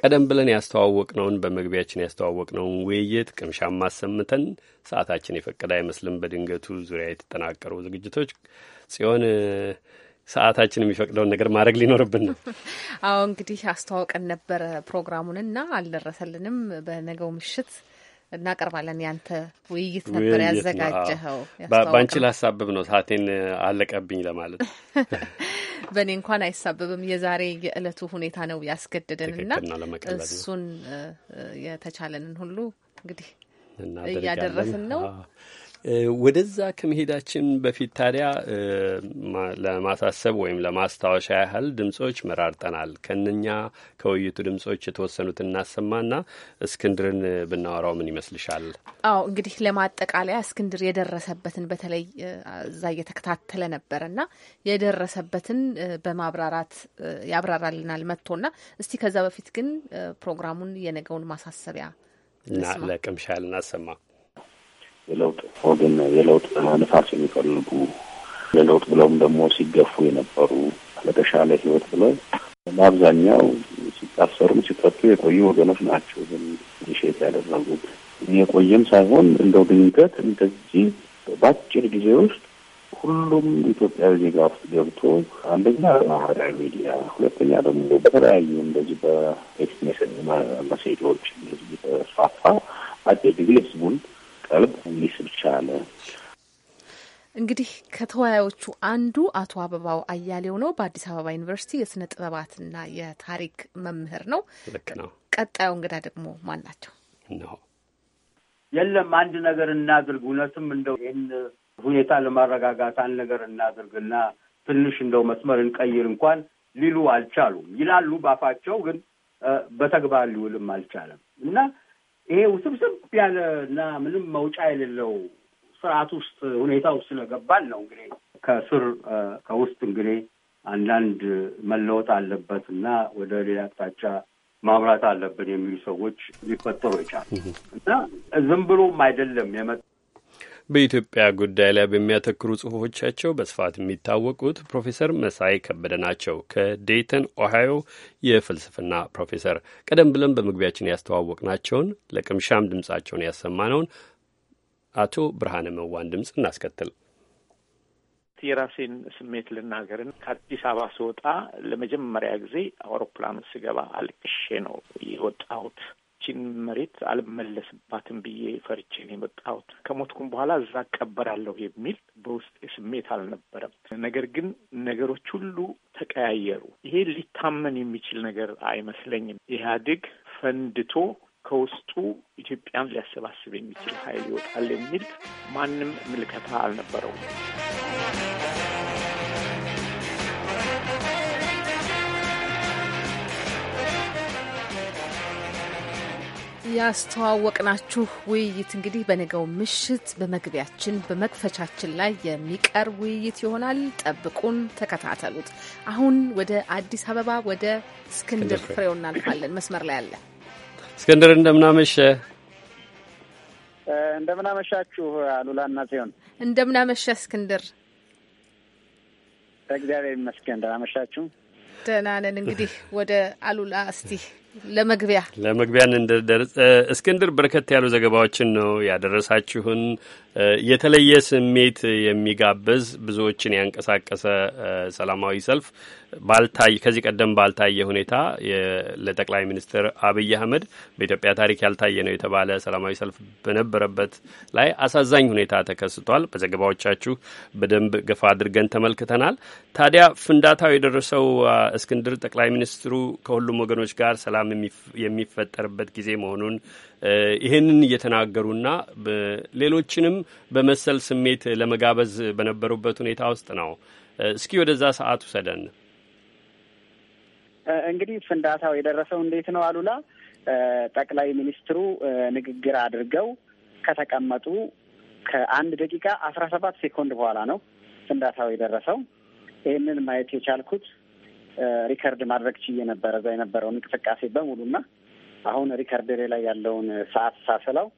ቀደም ብለን ያስተዋወቅነውን በመግቢያችን ያስተዋወቅነውን ውይይት ቅምሻም ማሰምተን ሰዓታችን የፈቀደ አይመስልም። በድንገቱ ዙሪያ የተጠናቀሩ ዝግጅቶች ጽዮን ሰዓታችን የሚፈቅደውን ነገር ማድረግ ሊኖርብን ነው። አዎ እንግዲህ አስተዋውቀን ነበረ ፕሮግራሙንና አልደረሰልንም። በነገው ምሽት እናቀርባለን። ያንተ ውይይት ነበር ያዘጋጀኸው። በአንቺ ላሳብብ ነው ሳቴን አለቀብኝ ለማለት በእኔ እንኳን አይሳብብም። የዛሬ የእለቱ ሁኔታ ነው ያስገደደንና እሱን የተቻለንን ሁሉ እንግዲህ እያደረስን ነው። ወደዛ ከመሄዳችን በፊት ታዲያ ለማሳሰብ ወይም ለማስታወሻ ያህል ድምጾች መራርጠናል። ከነኛ ከውይይቱ ድምጾች የተወሰኑት እናሰማና እስክንድርን ብናወራው ምን ይመስልሻል? አዎ እንግዲህ ለማጠቃለያ እስክንድር የደረሰበትን በተለይ እዛ እየተከታተለ ነበረና የደረሰበትን በማብራራት ያብራራልናል መጥቶና እስቲ ከዛ በፊት ግን ፕሮግራሙን የነገውን ማሳሰቢያ ለቅምሻ ልናሰማ የለውጥ ወገን የለውጥ ንፋስ የሚፈልጉ የለውጥ ብለውም ደግሞ ሲገፉ የነበሩ ለተሻለ ህይወት ብለው በአብዛኛው ሲታሰሩም ሲጠጡ የቆዩ ወገኖች ናቸው። ግን ሼት ያደረጉት የቆየም ሳይሆን እንደው ድንገት እንደዚህ በአጭር ጊዜ ውስጥ ሁሉም ኢትዮጵያዊ ዜጋ ውስጥ ገብቶ አንደኛ ማህበራዊ ሚዲያ፣ ሁለተኛ ደግሞ በተለያዩ እንደዚህ በቴክስት ሜሴጆች እንደዚህ የተስፋፋ አጭር ጊዜ ህዝቡን ቀልብ እንዲስብ ቻለ። እንግዲህ ከተወያዮቹ አንዱ አቶ አበባው አያሌው ነው። በአዲስ አበባ ዩኒቨርሲቲ የስነ ጥበባትና የታሪክ መምህር ነው። ልክ ነው። ቀጣዩ እንግዳ ደግሞ ማን ናቸው? የለም አንድ ነገር እናድርግ። እውነትም እንደው ይህን ሁኔታ ለማረጋጋት አንድ ነገር እናድርግና ትንሽ እንደው መስመር እንቀይር እንኳን ሊሉ አልቻሉም። ይላሉ ባፋቸው፣ ግን በተግባር ሊውልም አልቻለም እና ይሄ ውስብስብ ያለ እና ምንም መውጫ የሌለው ስርዓት ውስጥ ሁኔታ ውስጥ ስለገባን ነው እንግዲህ ከስር ከውስጥ እንግዲህ አንዳንድ መለወጥ አለበት እና ወደ ሌላ አቅጣጫ ማምራት አለብን የሚሉ ሰዎች ሊፈጠሩ ይቻል እና ዝም ብሎም አይደለም የመጣ በኢትዮጵያ ጉዳይ ላይ በሚያተክሩ ጽሁፎቻቸው በስፋት የሚታወቁት ፕሮፌሰር መሳይ ከበደ ናቸው። ከዴይተን ኦሃዮ የፍልስፍና ፕሮፌሰር ቀደም ብለን በመግቢያችን ያስተዋወቅናቸውን ለቅምሻም ድምጻቸውን ያሰማነውን አቶ ብርሃነ መዋን ድምፅ እናስከትል። የራሴን ስሜት ልናገርን። ከአዲስ አበባ ስወጣ ለመጀመሪያ ጊዜ አውሮፕላኑ ስገባ አልቅሼ ነው የወጣሁት። ይችን መሬት አልመለስባትም ብዬ ፈርቼን የመጣሁት ከሞትኩም በኋላ እዛ እቀበራለሁ የሚል በውስጤ ስሜት አልነበረም። ነገር ግን ነገሮች ሁሉ ተቀያየሩ። ይሄ ሊታመን የሚችል ነገር አይመስለኝም። ኢህአዴግ ፈንድቶ ከውስጡ ኢትዮጵያን ሊያሰባስብ የሚችል ኃይል ይወጣል የሚል ማንም ምልከታ አልነበረውም። ያስተዋወቅናችሁ ውይይት እንግዲህ በነገው ምሽት በመግቢያችን በመክፈቻችን ላይ የሚቀርብ ውይይት ይሆናል። ጠብቁን፣ ተከታተሉት። አሁን ወደ አዲስ አበባ ወደ እስክንድር ፍሬው እናልፋለን። መስመር ላይ አለ እስክንድር፣ እንደምናመሸ እንደምናመሻችሁ አሉላና ሲሆን እንደምናመሸ እስክንድር፣ እግዚአብሔር ይመስገን። እንደምናመሻችሁ ደህና ነን። እንግዲህ ወደ አሉላ እስቲ ለመግቢያ ለመግቢያ እንደርደር። እስክንድር በርከት ያሉ ዘገባዎችን ነው ያደረሳችሁን። የተለየ ስሜት የሚጋብዝ ብዙዎችን ያንቀሳቀሰ ሰላማዊ ሰልፍ ባልታይ ከዚህ ቀደም ባልታየ ሁኔታ ለጠቅላይ ሚኒስትር አብይ አህመድ በኢትዮጵያ ታሪክ ያልታየ ነው የተባለ ሰላማዊ ሰልፍ በነበረበት ላይ አሳዛኝ ሁኔታ ተከስቷል። በዘገባዎቻችሁ በደንብ ገፋ አድርገን ተመልክተናል። ታዲያ ፍንዳታው የደረሰው እስክንድር ጠቅላይ ሚኒስትሩ ከሁሉም ወገኖች ጋር ሰላም የሚፈጠርበት ጊዜ መሆኑን ይህንን እየተናገሩና ሌሎችንም በመሰል ስሜት ለመጋበዝ በነበሩበት ሁኔታ ውስጥ ነው። እስኪ ወደዛ ሰዓት ውሰደን። እንግዲህ ፍንዳታው የደረሰው እንዴት ነው አሉላ? ጠቅላይ ሚኒስትሩ ንግግር አድርገው ከተቀመጡ ከአንድ ደቂቃ አስራ ሰባት ሴኮንድ በኋላ ነው ፍንዳታው የደረሰው። ይህንን ማየት የቻልኩት ሪከርድ ማድረግ ችዬ ነበረ እዛ የነበረውን እንቅስቃሴ በሙሉና አሁን ሪከርደሬ ላይ ያለውን ሰዓት ሳስላው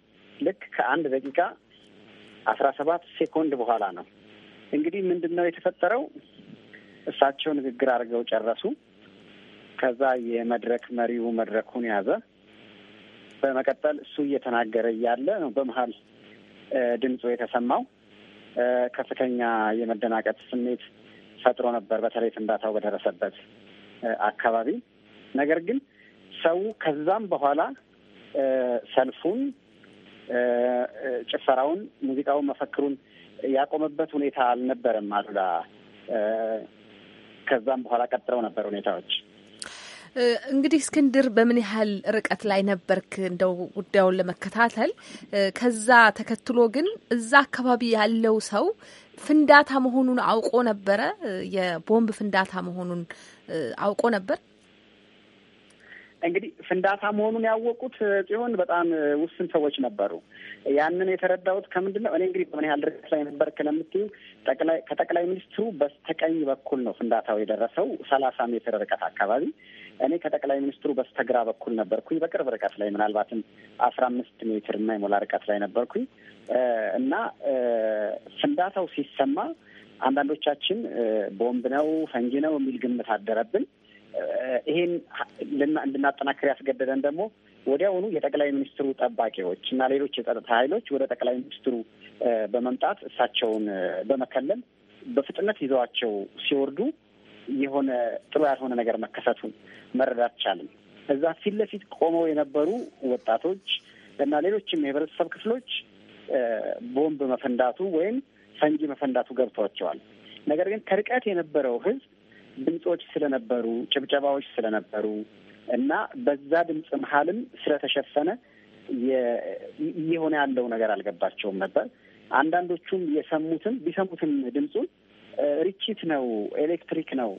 ልክ ከአንድ ደቂቃ አስራ ሰባት ሴኮንድ በኋላ ነው። እንግዲህ ምንድን ነው የተፈጠረው? እሳቸው ንግግር አድርገው ጨረሱ። ከዛ የመድረክ መሪው መድረኩን ያዘ። በመቀጠል እሱ እየተናገረ እያለ ነው በመሀል ድምፁ የተሰማው። ከፍተኛ የመደናቀጥ ስሜት ፈጥሮ ነበር፣ በተለይ ፍንዳታው በደረሰበት አካባቢ። ነገር ግን ሰው ከዛም በኋላ ሰልፉን፣ ጭፈራውን፣ ሙዚቃውን፣ መፈክሩን ያቆመበት ሁኔታ አልነበረም። አሉላ ከዛም በኋላ ቀጥለው ነበር ሁኔታዎች። እንግዲህ እስክንድር በምን ያህል ርቀት ላይ ነበርክ እንደው ጉዳዩን ለመከታተል? ከዛ ተከትሎ ግን እዛ አካባቢ ያለው ሰው ፍንዳታ መሆኑን አውቆ ነበረ? የቦምብ ፍንዳታ መሆኑን አውቆ ነበር? እንግዲህ ፍንዳታ መሆኑን ያወቁት ሲሆን በጣም ውስን ሰዎች ነበሩ። ያንን የተረዳሁት ከምንድን ነው እኔ እንግዲህ በምን ያህል ርቀት ላይ ነበር ከለምትዩ ከጠቅላይ ሚኒስትሩ በስተቀኝ በኩል ነው ፍንዳታው የደረሰው ሰላሳ ሜትር ርቀት አካባቢ እኔ ከጠቅላይ ሚኒስትሩ በስተግራ በኩል ነበርኩኝ። በቅርብ ርቀት ላይ ምናልባትም አስራ አምስት ሜትር እና የሞላ ርቀት ላይ ነበርኩኝ እና ፍንዳታው ሲሰማ አንዳንዶቻችን ቦምብ ነው፣ ፈንጂ ነው የሚል ግምት አደረብን። ይሄን እንድናጠናክር ያስገደደን ደግሞ ወዲያውኑ የጠቅላይ ሚኒስትሩ ጠባቂዎች እና ሌሎች የጸጥታ ኃይሎች ወደ ጠቅላይ ሚኒስትሩ በመምጣት እሳቸውን በመከለል በፍጥነት ይዘዋቸው ሲወርዱ የሆነ ጥሩ ያልሆነ ነገር መከሰቱን መረዳት ቻልን። እዛ ፊት ለፊት ቆመው የነበሩ ወጣቶች እና ሌሎችም የህብረተሰብ ክፍሎች ቦምብ መፈንዳቱ ወይም ፈንጂ መፈንዳቱ ገብቷቸዋል። ነገር ግን ከርቀት የነበረው ህዝብ ድምፆች ስለነበሩ፣ ጭብጨባዎች ስለነበሩ እና በዛ ድምፅ መሀልም ስለተሸፈነ እየሆነ ያለው ነገር አልገባቸውም ነበር። አንዳንዶቹም የሰሙትም ቢሰሙትም ድምፁን ርችት ነው፣ ኤሌክትሪክ ነው፣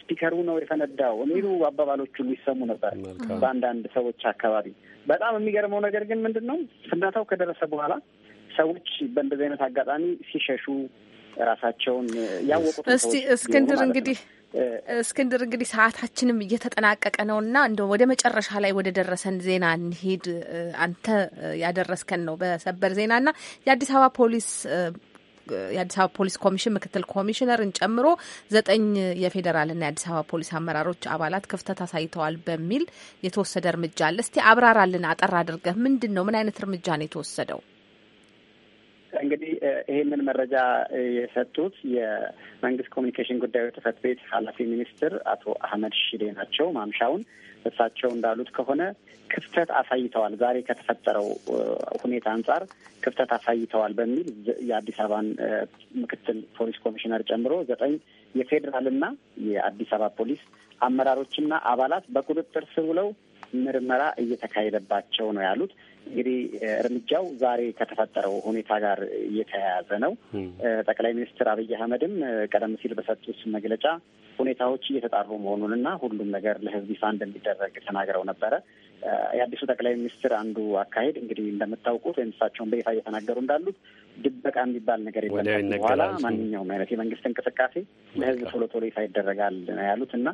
ስፒከሩ ነው የፈነዳው የሚሉ አባባሎች ሁሉ ይሰሙ ነበር በአንዳንድ ሰዎች አካባቢ። በጣም የሚገርመው ነገር ግን ምንድን ነው ፍንዳታው ከደረሰ በኋላ ሰዎች በእንደዚህ አይነት አጋጣሚ ሲሸሹ ራሳቸውን ያወቁት እስቲ እስክንድር እንግዲህ እስክንድር እንግዲህ ሰዓታችንም እየተጠናቀቀ ነው እና እንደ ወደ መጨረሻ ላይ ወደ ደረሰን ዜና እንሂድ። አንተ ያደረስከን ነው በሰበር ዜና እና የአዲስ አበባ ፖሊስ የአዲስ አበባ ፖሊስ ኮሚሽን ምክትል ኮሚሽነርን ጨምሮ ዘጠኝ የፌዴራልና የአዲስ አበባ ፖሊስ አመራሮች አባላት ክፍተት አሳይተዋል በሚል የተወሰደ እርምጃ አለ። እስቲ አብራራልን አጠር አድርገህ። ምንድን ነው? ምን አይነት እርምጃ ነው የተወሰደው? እንግዲህ ይህንን መረጃ የሰጡት የመንግስት ኮሚኒኬሽን ጉዳዮች ጽሕፈት ቤት ኃላፊ ሚኒስትር አቶ አህመድ ሺዴ ናቸው። ማምሻውን እሳቸው እንዳሉት ከሆነ ክፍተት አሳይተዋል፣ ዛሬ ከተፈጠረው ሁኔታ አንጻር ክፍተት አሳይተዋል በሚል የአዲስ አበባን ምክትል ፖሊስ ኮሚሽነር ጨምሮ ዘጠኝ የፌዴራልና የአዲስ አበባ ፖሊስ አመራሮችና አባላት በቁጥጥር ስር ውለው ምርመራ እየተካሄደባቸው ነው ያሉት። እንግዲህ እርምጃው ዛሬ ከተፈጠረው ሁኔታ ጋር እየተያያዘ ነው። ጠቅላይ ሚኒስትር አብይ አህመድም ቀደም ሲል በሰጡት መግለጫ ሁኔታዎች እየተጣሩ መሆኑንና ሁሉም ነገር ለሕዝብ ይፋ እንደሚደረግ ተናግረው ነበረ። የአዲሱ ጠቅላይ ሚኒስትር አንዱ አካሄድ እንግዲህ እንደምታውቁት ወይም እሳቸውን በይፋ እየተናገሩ እንዳሉት ድበቃ የሚባል ነገር የለም። በኋላ ማንኛውም አይነት የመንግስት እንቅስቃሴ ለህዝብ ቶሎ ቶሎ ይፋ ይደረጋል ነው ያሉት እና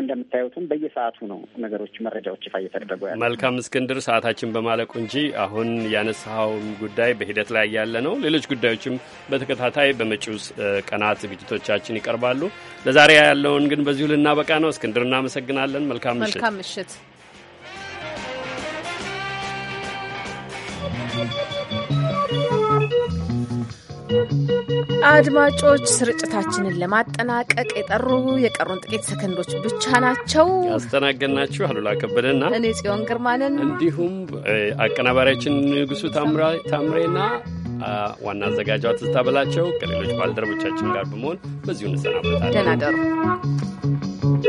እንደምታዩትም በየሰዓቱ ነው ነገሮች፣ መረጃዎች ይፋ እየተደረጉ ያለ። መልካም እስክንድር፣ ሰዓታችን በማለቁ እንጂ አሁን ያነሳኸውን ጉዳይ በሂደት ላይ ያለ ነው። ሌሎች ጉዳዮችም በተከታታይ በመጪው ቀናት ዝግጅቶቻችን ይቀርባሉ። ለዛሬ ያለውን ግን በዚሁ ልናበቃ ነው። እስክንድር፣ እናመሰግናለን። መልካም ምሽት። አድማጮች ስርጭታችንን ለማጠናቀቅ የጠሩ የቀሩን ጥቂት ሰከንዶች ብቻ ናቸው። ያስተናገድናችሁ አሉላ ከበደና እኔ ጽዮን ግርማንን እንዲሁም አቀናባሪያችን ንጉሱ ታምሬና ዋና አዘጋጇ ትዝታ በላቸው ከሌሎች ባልደረቦቻችን ጋር በመሆን በዚሁ እንሰናበታለን። ደህና ደሩ።